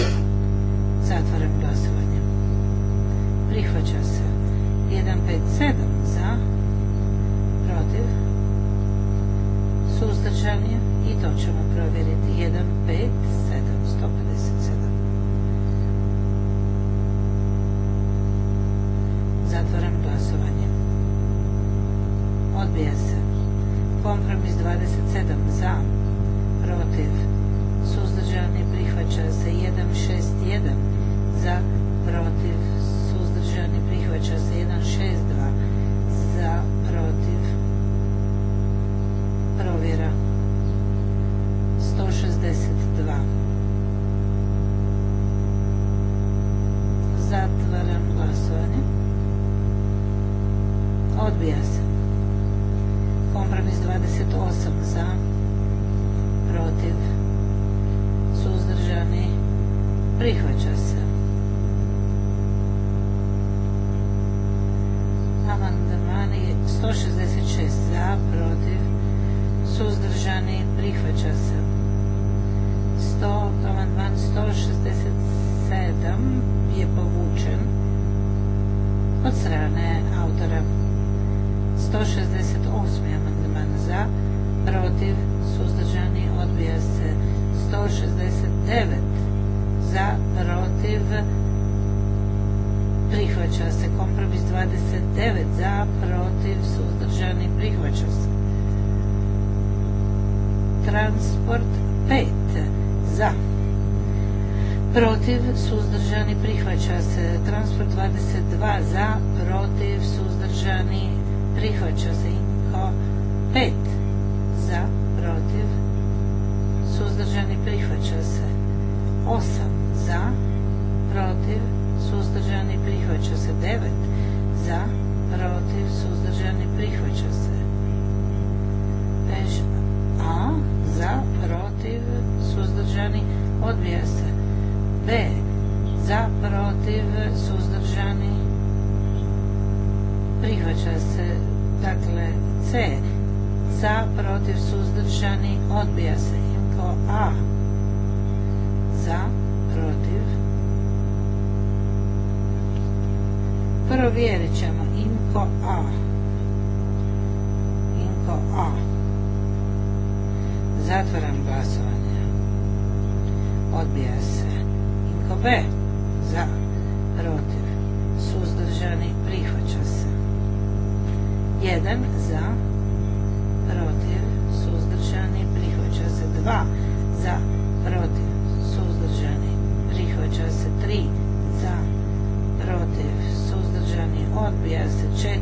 zatvorem glasovanje. Prihvaća se. 157 za, protiv, suzdržani i to ćemo provjeriti. 157, 157. 168. amandman za, protiv, suzdržani, odbija se. 169 za, protiv, prihvaća se. Kompromis 29 za, protiv, suzdržani, prihvaća se. Transport 5 za, Protiv, suzdržani, prihvaća se. Transport 22 za, protiv, suzdržani, prihvaća se kao Pet. za protiv suzdržani prihvaća se Osam za protiv suzdržani prihvaća se 9 za protiv suzdržani prihvaća se a za protiv suzdržani odbija se b za protiv suzdržani prihvaća se Dakle, C. Za, protiv, suzdržani, odbija se. kao A. Za, protiv. Provjerit ćemo. Inko A. Inko A. Zatvaram glasovanje. Odbija se. Inko B. Za, protiv, suzdržani, 1 za, protiv, suzdržani, prihvaća se 2 za, protiv, suzdržani, prihvaća se 3 za, protiv, suzdržani, odbija se 4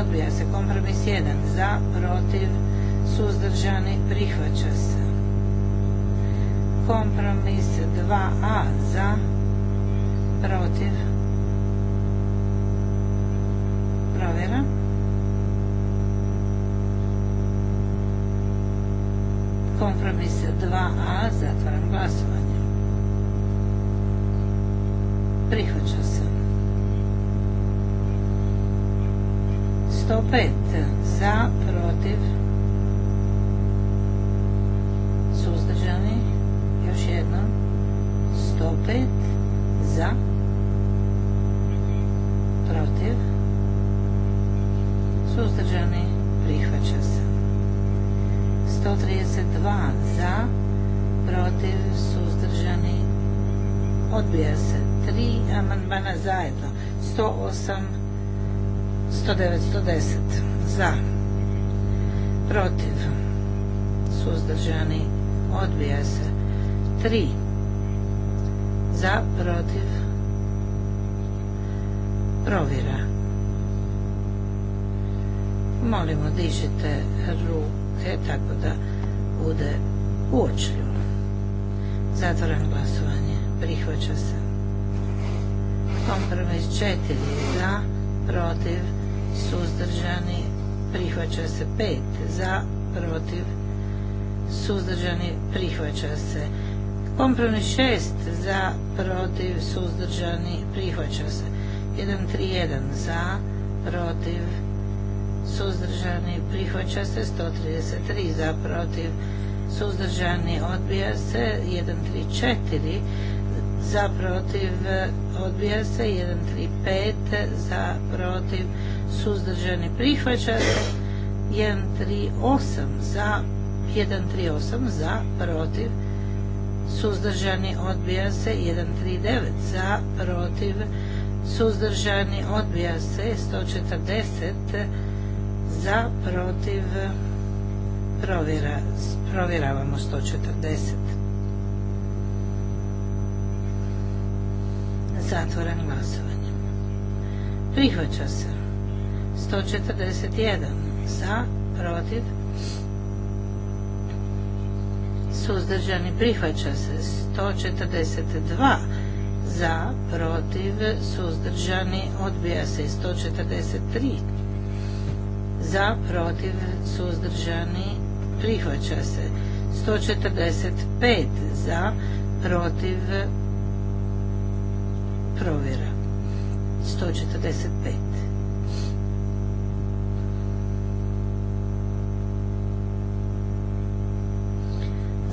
odbija se. Kompromis 1 za, protiv, suzdržani, prihvaća se. Kompromis 2a za, protiv, provjera. Kompromis 2a, zatvaram glasovanje. Prihvaća se. 105 za, protiv suzdržani još jednom 105 za protiv suzdržani prihvaća se 132 za protiv suzdržani odbija se tri amandmana zajedno 108 109, 110 za protiv suzdržani odbija se 3 za protiv provjera molimo dižite ruke tako da prihvaća se 5 za protiv suzdržani prihvaća se kompromis šest za protiv suzdržani prihvaća se 131 za protiv suzdržani prihvaća se 133 za protiv suzdržani odbija se 134 za protiv odbija se 135 za protiv suzdržani prihvaća se 138 za 138 za protiv suzdržani odbija se 139 za protiv suzdržani odbija se 140 za protiv provjera provjeravamo 140 zatvoren glasovanje prihvaća se 141 za, protiv, suzdržani prihvaća se 142 za, protiv, suzdržani odbija se 143 za, protiv, suzdržani prihvaća se 145 za, protiv, provjera 145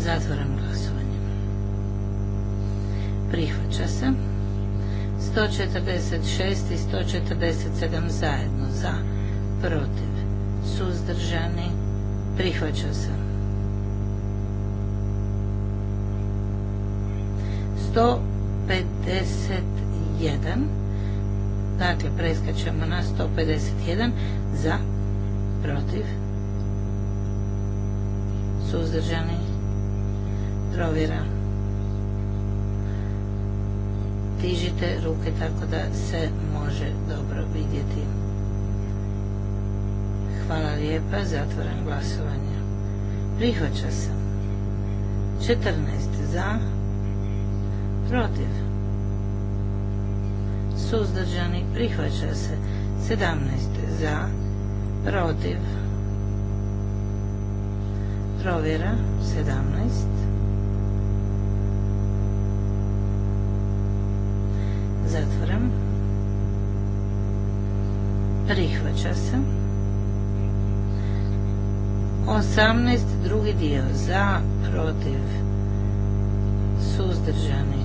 Zatvaram glasovanje. Prihvaća se. 146 i 147 zajedno. Za, protiv, suzdržani. Prihvaća se. 151. Dakle, preskačemo na 151. Za, protiv, suzdržani provjera. Dižite ruke tako da se može dobro vidjeti. Hvala lijepa, zatvoram glasovanje. Prihvaća se. 14 za, protiv. Suzdržani prihvaća se. 17 za, protiv. Provjera 17. Zatvaram. Prihvaća se. 18. drugi dio za, protiv, suzdržani.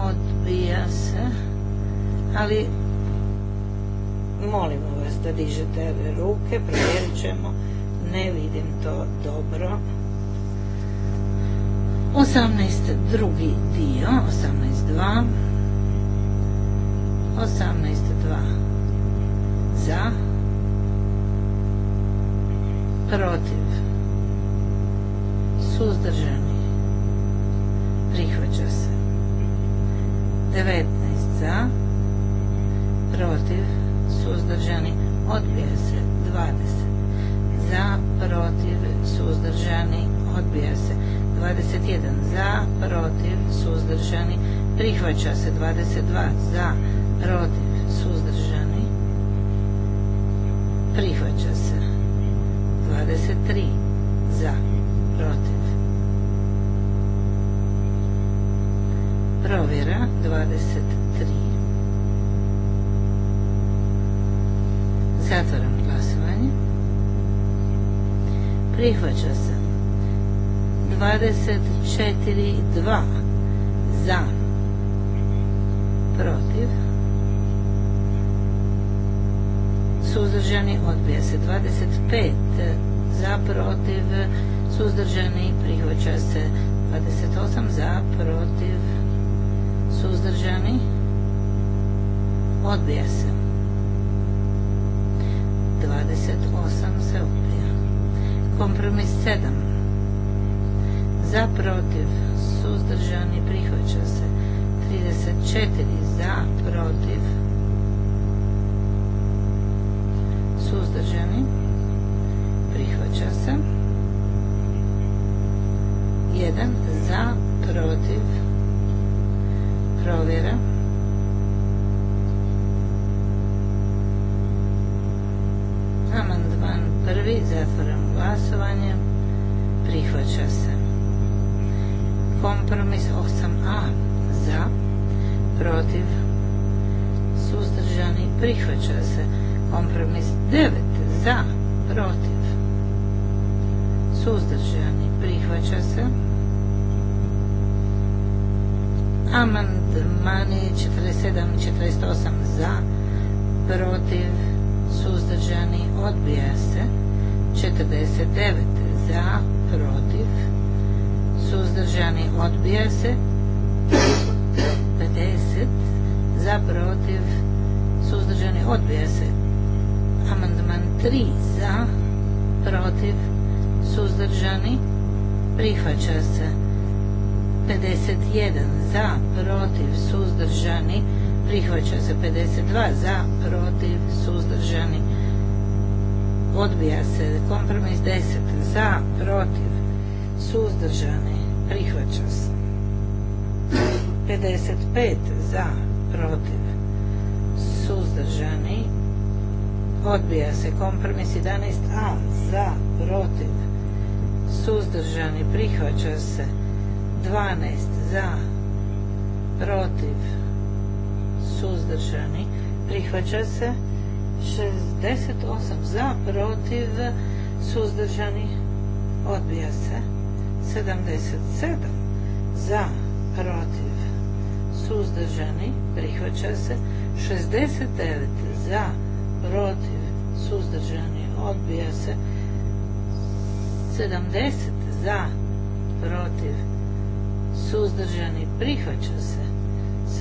Odbija se. Ali molimo vas da dižete ruke, provjerit ćemo. Ne vidim to dobro. 18 drugi dio, 18.2 18.2 za protiv suzdržani prihvaća se 19 za protiv suzdržani odbija se 20 za protiv suzdržani odbija se 21 za, protiv, suzdržani, prihvaća se 22 za, protiv, suzdržani, prihvaća se 23 za, protiv. Provjera 23. Zatvaram glasovanje. Prihvaća se 24 2 za protiv suzdržani odbija se 25 za protiv suzdržani prihvaća se 28 za protiv suzdržani odbija se 28 se odbija kompromis 7 za protiv suzdržani prihvaća se 34 za protiv suzdržani prihvaća se 1 za protiv provjera Amandman prvi, zatvoram glasovanje, prihvaća se. Kompromis 8a za, protiv, suzdržani, prihvaća se. Kompromis 9 za, protiv, suzdržani, prihvaća se. Amandmani 47 i 48 za, protiv, suzdržani, odbija se. 49 za, protiv, suzdržani odbija se 50 za protiv suzdržani odbija se amandman 3 za protiv suzdržani prihvaća se 51 za protiv suzdržani prihvaća se 52 za protiv suzdržani odbija se kompromis 10 za protiv suzdržani prihvaća se. 55 za, protiv, suzdržani, odbija se. Kompromis 11a za, protiv, suzdržani, prihvaća se. 12 za, protiv, suzdržani, prihvaća se. 68 za, protiv, suzdržani, odbija se. 77 za, protiv, suzdržani, prihvaća se. 69 za, protiv, suzdržani, odbija se. 70 za, protiv, suzdržani, prihvaća se.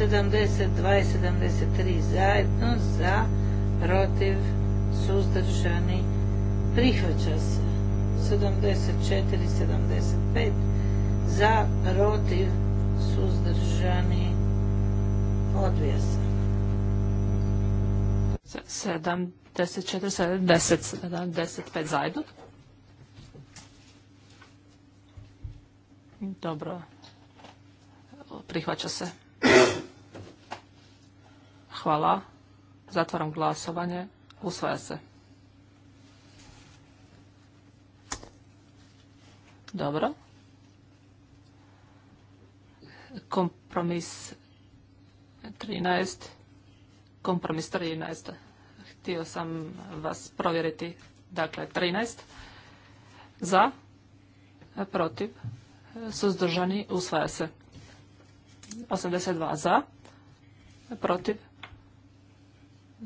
72 i 73 zajedno za, protiv, suzdržani, prihvaća se. 74, 75 za, protiv, suzdržani, odvija se. 74, 75 zajedno. Dobro, prihvaća se. Hvala. Zatvaram glasovanje. Usvaja se. Dobro. Kompromis 13. Kompromis 13. Htio sam vas provjeriti. Dakle, 13. Za, protiv, suzdržani, usvaja se. 82 za, protiv,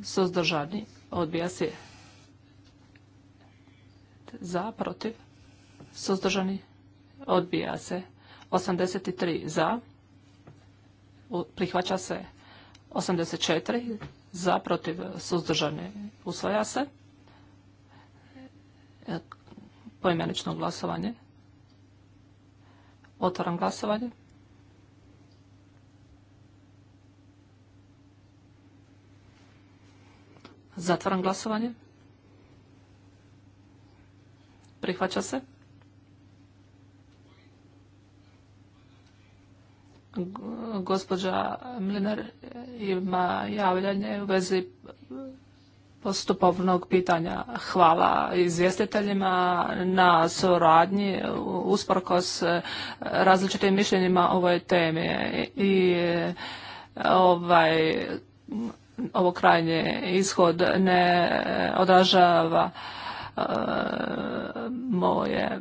suzdržani, odbija se. Za, protiv, Suzdržani? Odbija se. 83 za. Prihvaća se. 84 za protiv suzdržani usvaja se. E, poimenično glasovanje. Otvaram glasovanje. Zatvaram glasovanje. Prihvaća se. Gospođa Mlinar ima javljanje u vezi postupovnog pitanja. Hvala izvjestiteljima na suradnji usprkos različitim mišljenjima ovoj temi i ovaj ovo krajnje ishod ne odražava e, moje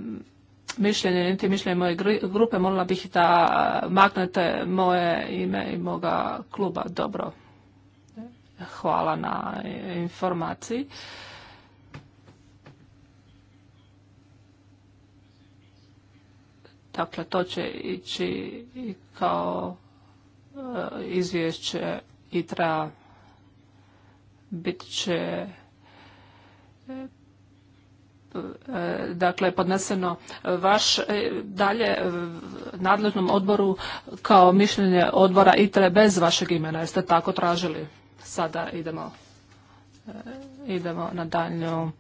mišljenje, niti mišljenje moje grupe, molila bih da maknete moje ime i moga kluba. Dobro. Hvala na informaciji. Dakle, to će ići kao e, izvješće treba bit će E, dakle podneseno vaš e, dalje nadležnom odboru kao mišljenje odbora ITRE bez vašeg imena. Jeste tako tražili? Sada idemo e, idemo na daljnju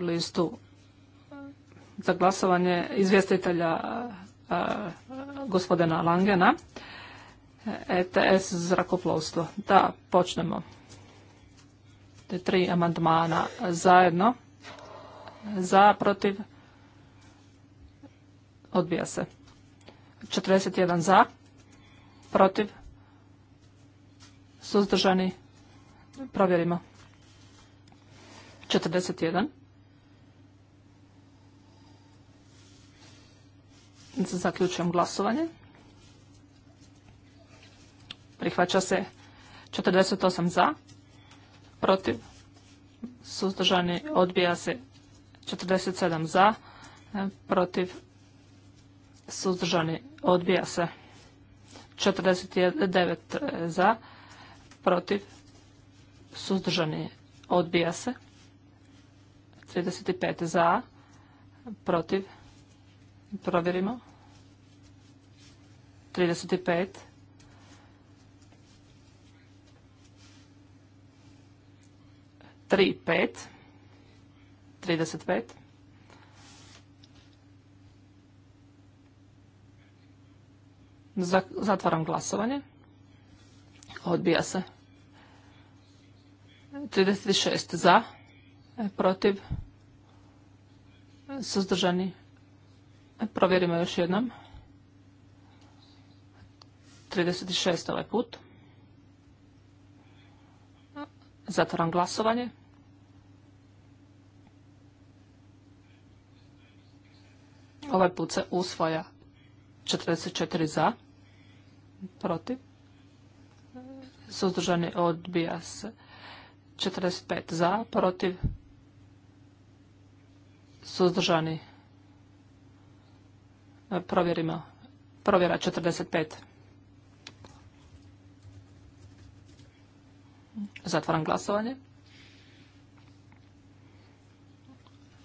listu za glasovanje izvjestitelja gospodina Langena. ETS zrakoplovstvo. Da, počnemo tri amandmana zajedno. Za, protiv, odbija se. 41 za, protiv, suzdržani, provjerimo. 41. Zaključujem glasovanje. Prihvaća se 48 za, protiv, suzdržani, odbija se 47 e, e, za, protiv, suzdržani, odbija se 49 za, protiv, suzdržani, odbija se 35 za, protiv, provjerimo 35 35, 35. Zatvaram glasovanje. Odbija se. 36 za, e, protiv, suzdržani. E, provjerimo još jednom. 36 ovaj put. Zatvaram glasovanje. Ovaj put se usvaja 44 za, protiv, suzdržani odbija se 45 za, protiv, suzdržani provjerimo, provjera 45. Zatvaram glasovanje.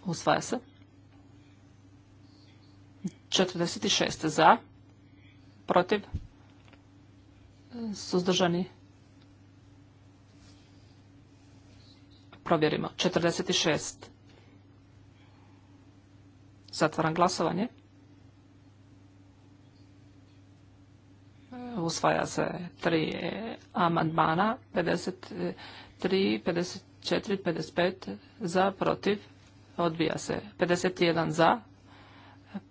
Usvaja se. 46 za, protiv, suzdržani, provjerimo, 46. zatvoran glasovanje. Usvaja se tri amandmana, 53, 54, 55 za, protiv, odbija se, 51 za,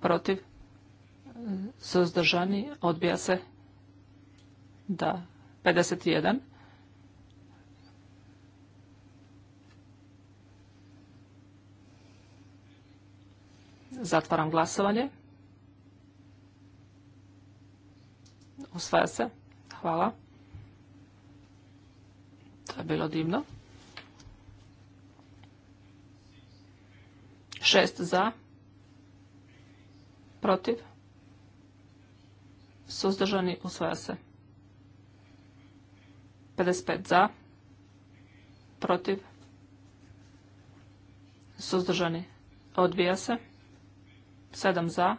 protiv, suzdržani, odbija se. Da, 51. Zatvaram glasovanje. Usvaja se. Hvala. To je bilo divno. Šest za. Protiv suzdržani, usvaja se. 55 za, protiv, suzdržani, odbija se. 7 za,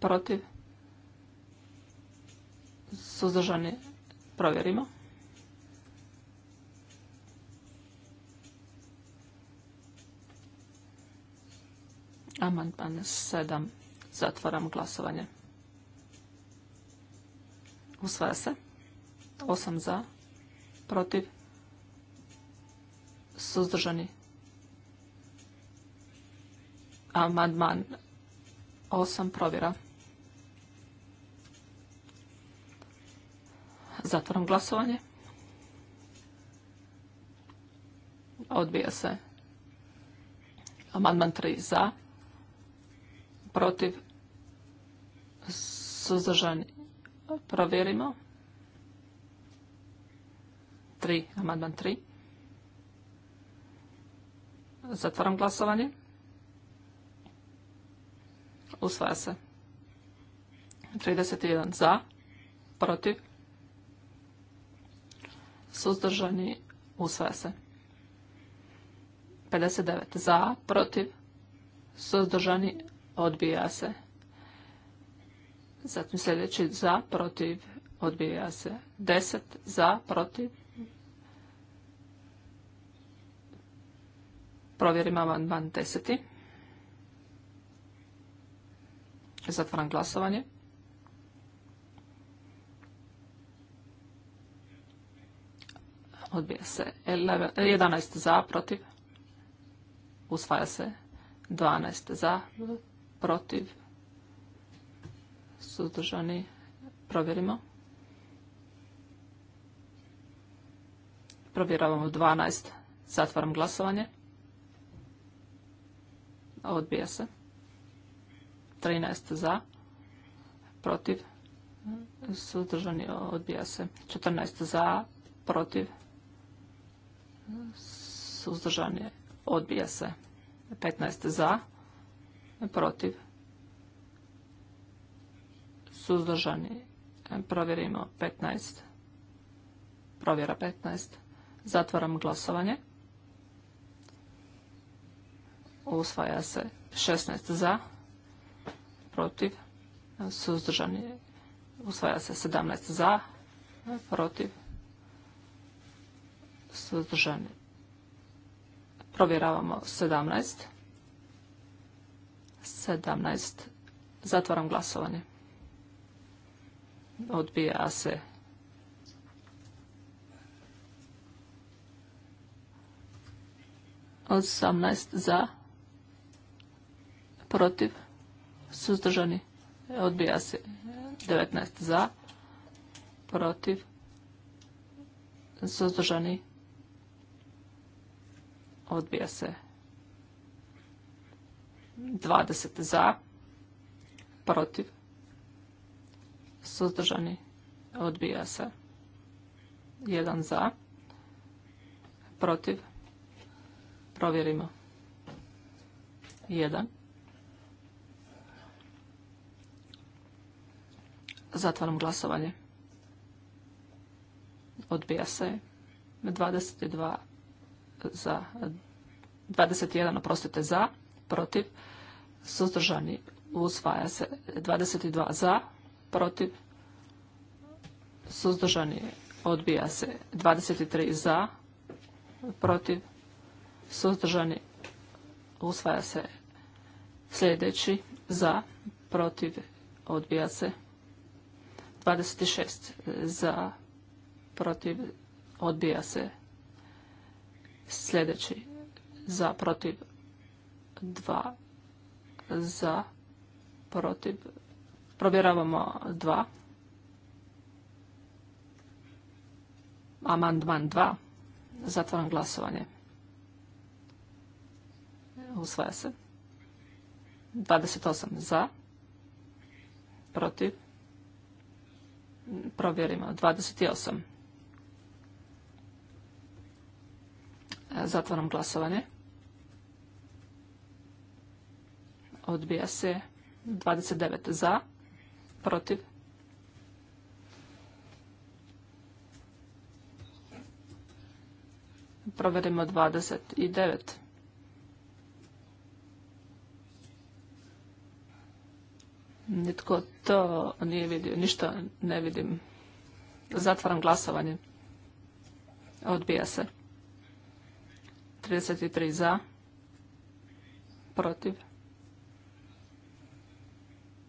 protiv, suzdržani, provjerimo. Amandman 7. Zatvaram glasovanje. Usvaja se. 8 za. Protiv. Suzdržani. Amandman 8 provjera. Zatvaram glasovanje. Odbija se. Amandman 3 za. Protiv. Suzdržani. Pa, provjerimo. 3. Amandman 3. Zatvaram glasovanje. Usvaja se. 31 za, protiv, suzdržani, usvaja se. 59 za, protiv, suzdržani, odbija se. Zatim sljedeći za, protiv, odbija se. deset za, protiv. Provjerimo amandman deseti, Zatvaram glasovanje. Odbija se 11 za, protiv. Usvaja se 12 za, protiv suzdržani, provjerimo. Provjeravamo 12. Zatvaram glasovanje. Odbija se. 13 za, protiv, suzdržani, odbija se. 14 za, protiv, suzdržani, odbija se. 15 za, protiv, suzdržani, provjerimo 15, provjera 15, zatvoram glasovanje, usvaja se 16 za, protiv, suzdržani, usvaja se 17 za, protiv, suzdržani. Provjeravamo 17. 17. Zatvaram glasovanje. Odbija se. Osamnaest za. Protiv. Suzdržani. Odbija se. devetnaest za. Protiv. Suzdržani. Odbija se. Dvadeset za. Protiv suzdržani, odbija se. jedan za, protiv, provjerimo. jedan. Zatvaram glasovanje. Odbija se 22 za 21, oprostite, za, protiv, suzdržani, usvaja se 22 za, protiv, suzdržani, odbija se. 23 za, protiv, suzdržani, usvaja se. Sljedeći za, protiv, odbija se. 26 za, protiv, odbija se. Sljedeći za, protiv, 2 za, protiv, Provjeravamo dva. Amandman dva. zatvoram glasovanje. Usvaja se. 28 za. Protiv. Provjerimo. 28. Zatvaram glasovanje. Odbija se 29 za. Protiv? Proverimo 29. Nitko to nije vidio, ništa ne vidim. Zatvaram glasovanje. Odbija se. 33 za. Protiv.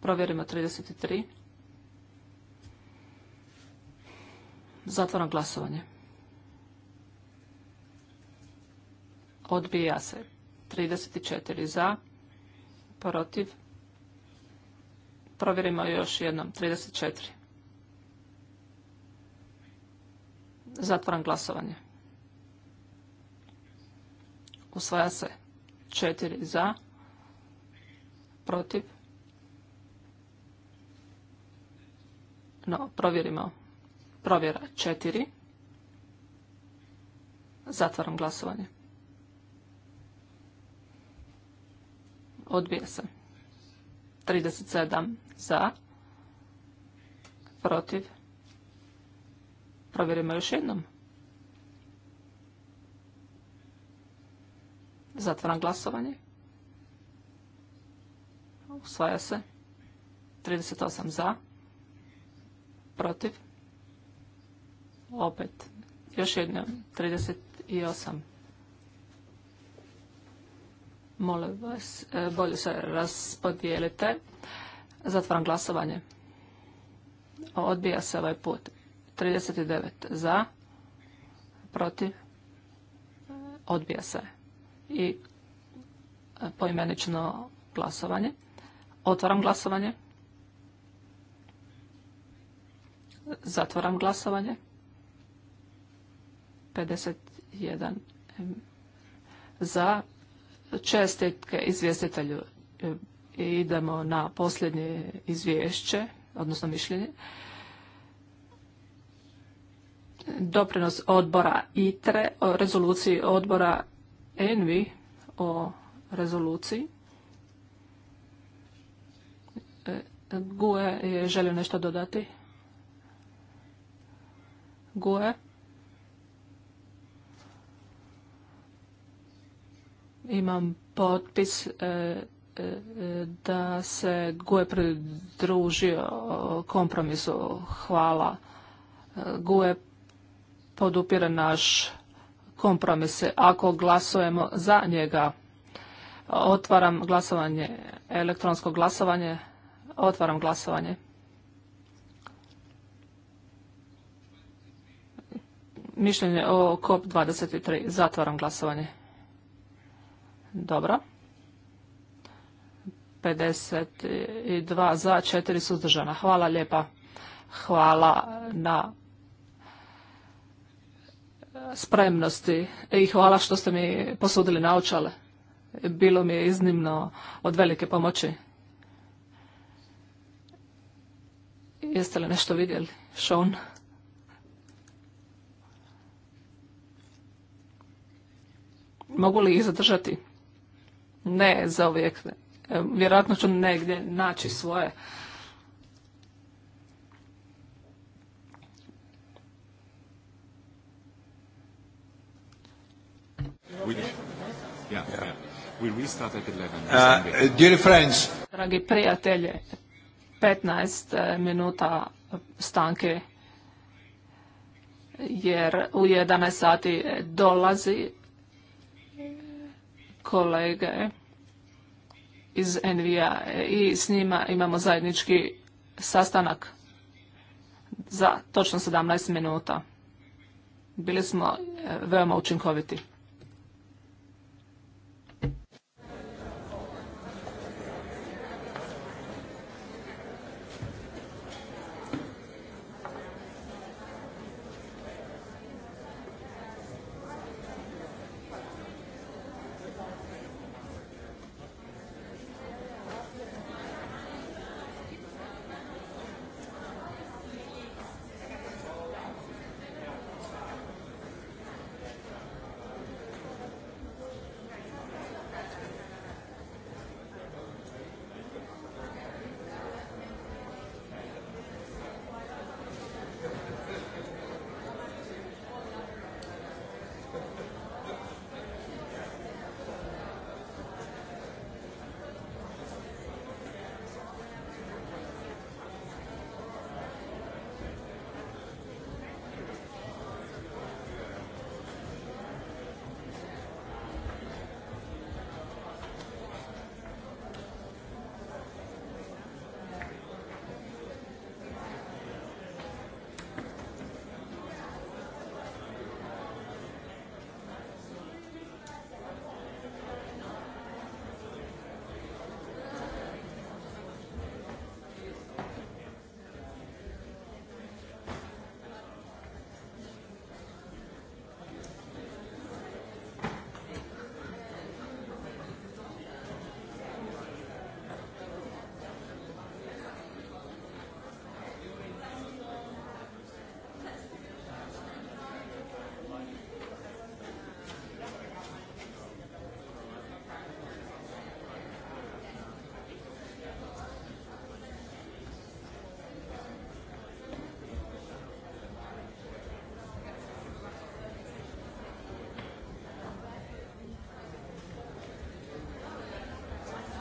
Provjerimo 33. Zatvorno glasovanje. Odbija se. 34 za, protiv. Provjerimo još jednom. 34. Zatvaram glasovanje. Usvaja se. 4 za, protiv. No, provjerimo. Provjera četiri. Zatvaram glasovanje. Odbija se. 37 za. Protiv. Provjerimo još jednom. Zatvaram glasovanje. Usvaja se. 38 za. Protiv? Opet. Još jedno. 38. Molim vas, e, bolje se raspodijelite. Zatvaram glasovanje. Odbija se ovaj put. 39 za, protiv, odbija se. I e, poimenično glasovanje. Otvaram glasovanje. Zatvoram glasovanje. 51 za. Čestitke izvjestitelju. E, idemo na posljednje izvješće, odnosno mišljenje. Doprinos odbora ITRE o rezoluciji odbora ENVI o rezoluciji. E, GUE je želio nešto dodati. GUE. Imam potpis e, e, da se GUE pridružio kompromisu. Hvala. E, GUE podupira naš kompromis ako glasujemo za njega. Otvaram glasovanje, elektronsko glasovanje. Otvaram glasovanje. mišljenje o COP23. Zatvaram glasovanje. Dobro. 52 za, 4 suzdržana. Hvala lijepa. Hvala na spremnosti i hvala što ste mi posudili naučale. Bilo mi je iznimno od velike pomoći. Jeste li nešto vidjeli, Sean? Mogu li ih zadržati? Ne, za uvijek. E, vjerojatno ću negdje naći svoje. Uh, Dragi prijatelje, 15 e, minuta stanke jer u 11 sati dolazi kolege iz NVA i s njima imamo zajednički sastanak za točno 17 minuta. Bili smo e, veoma učinkoviti.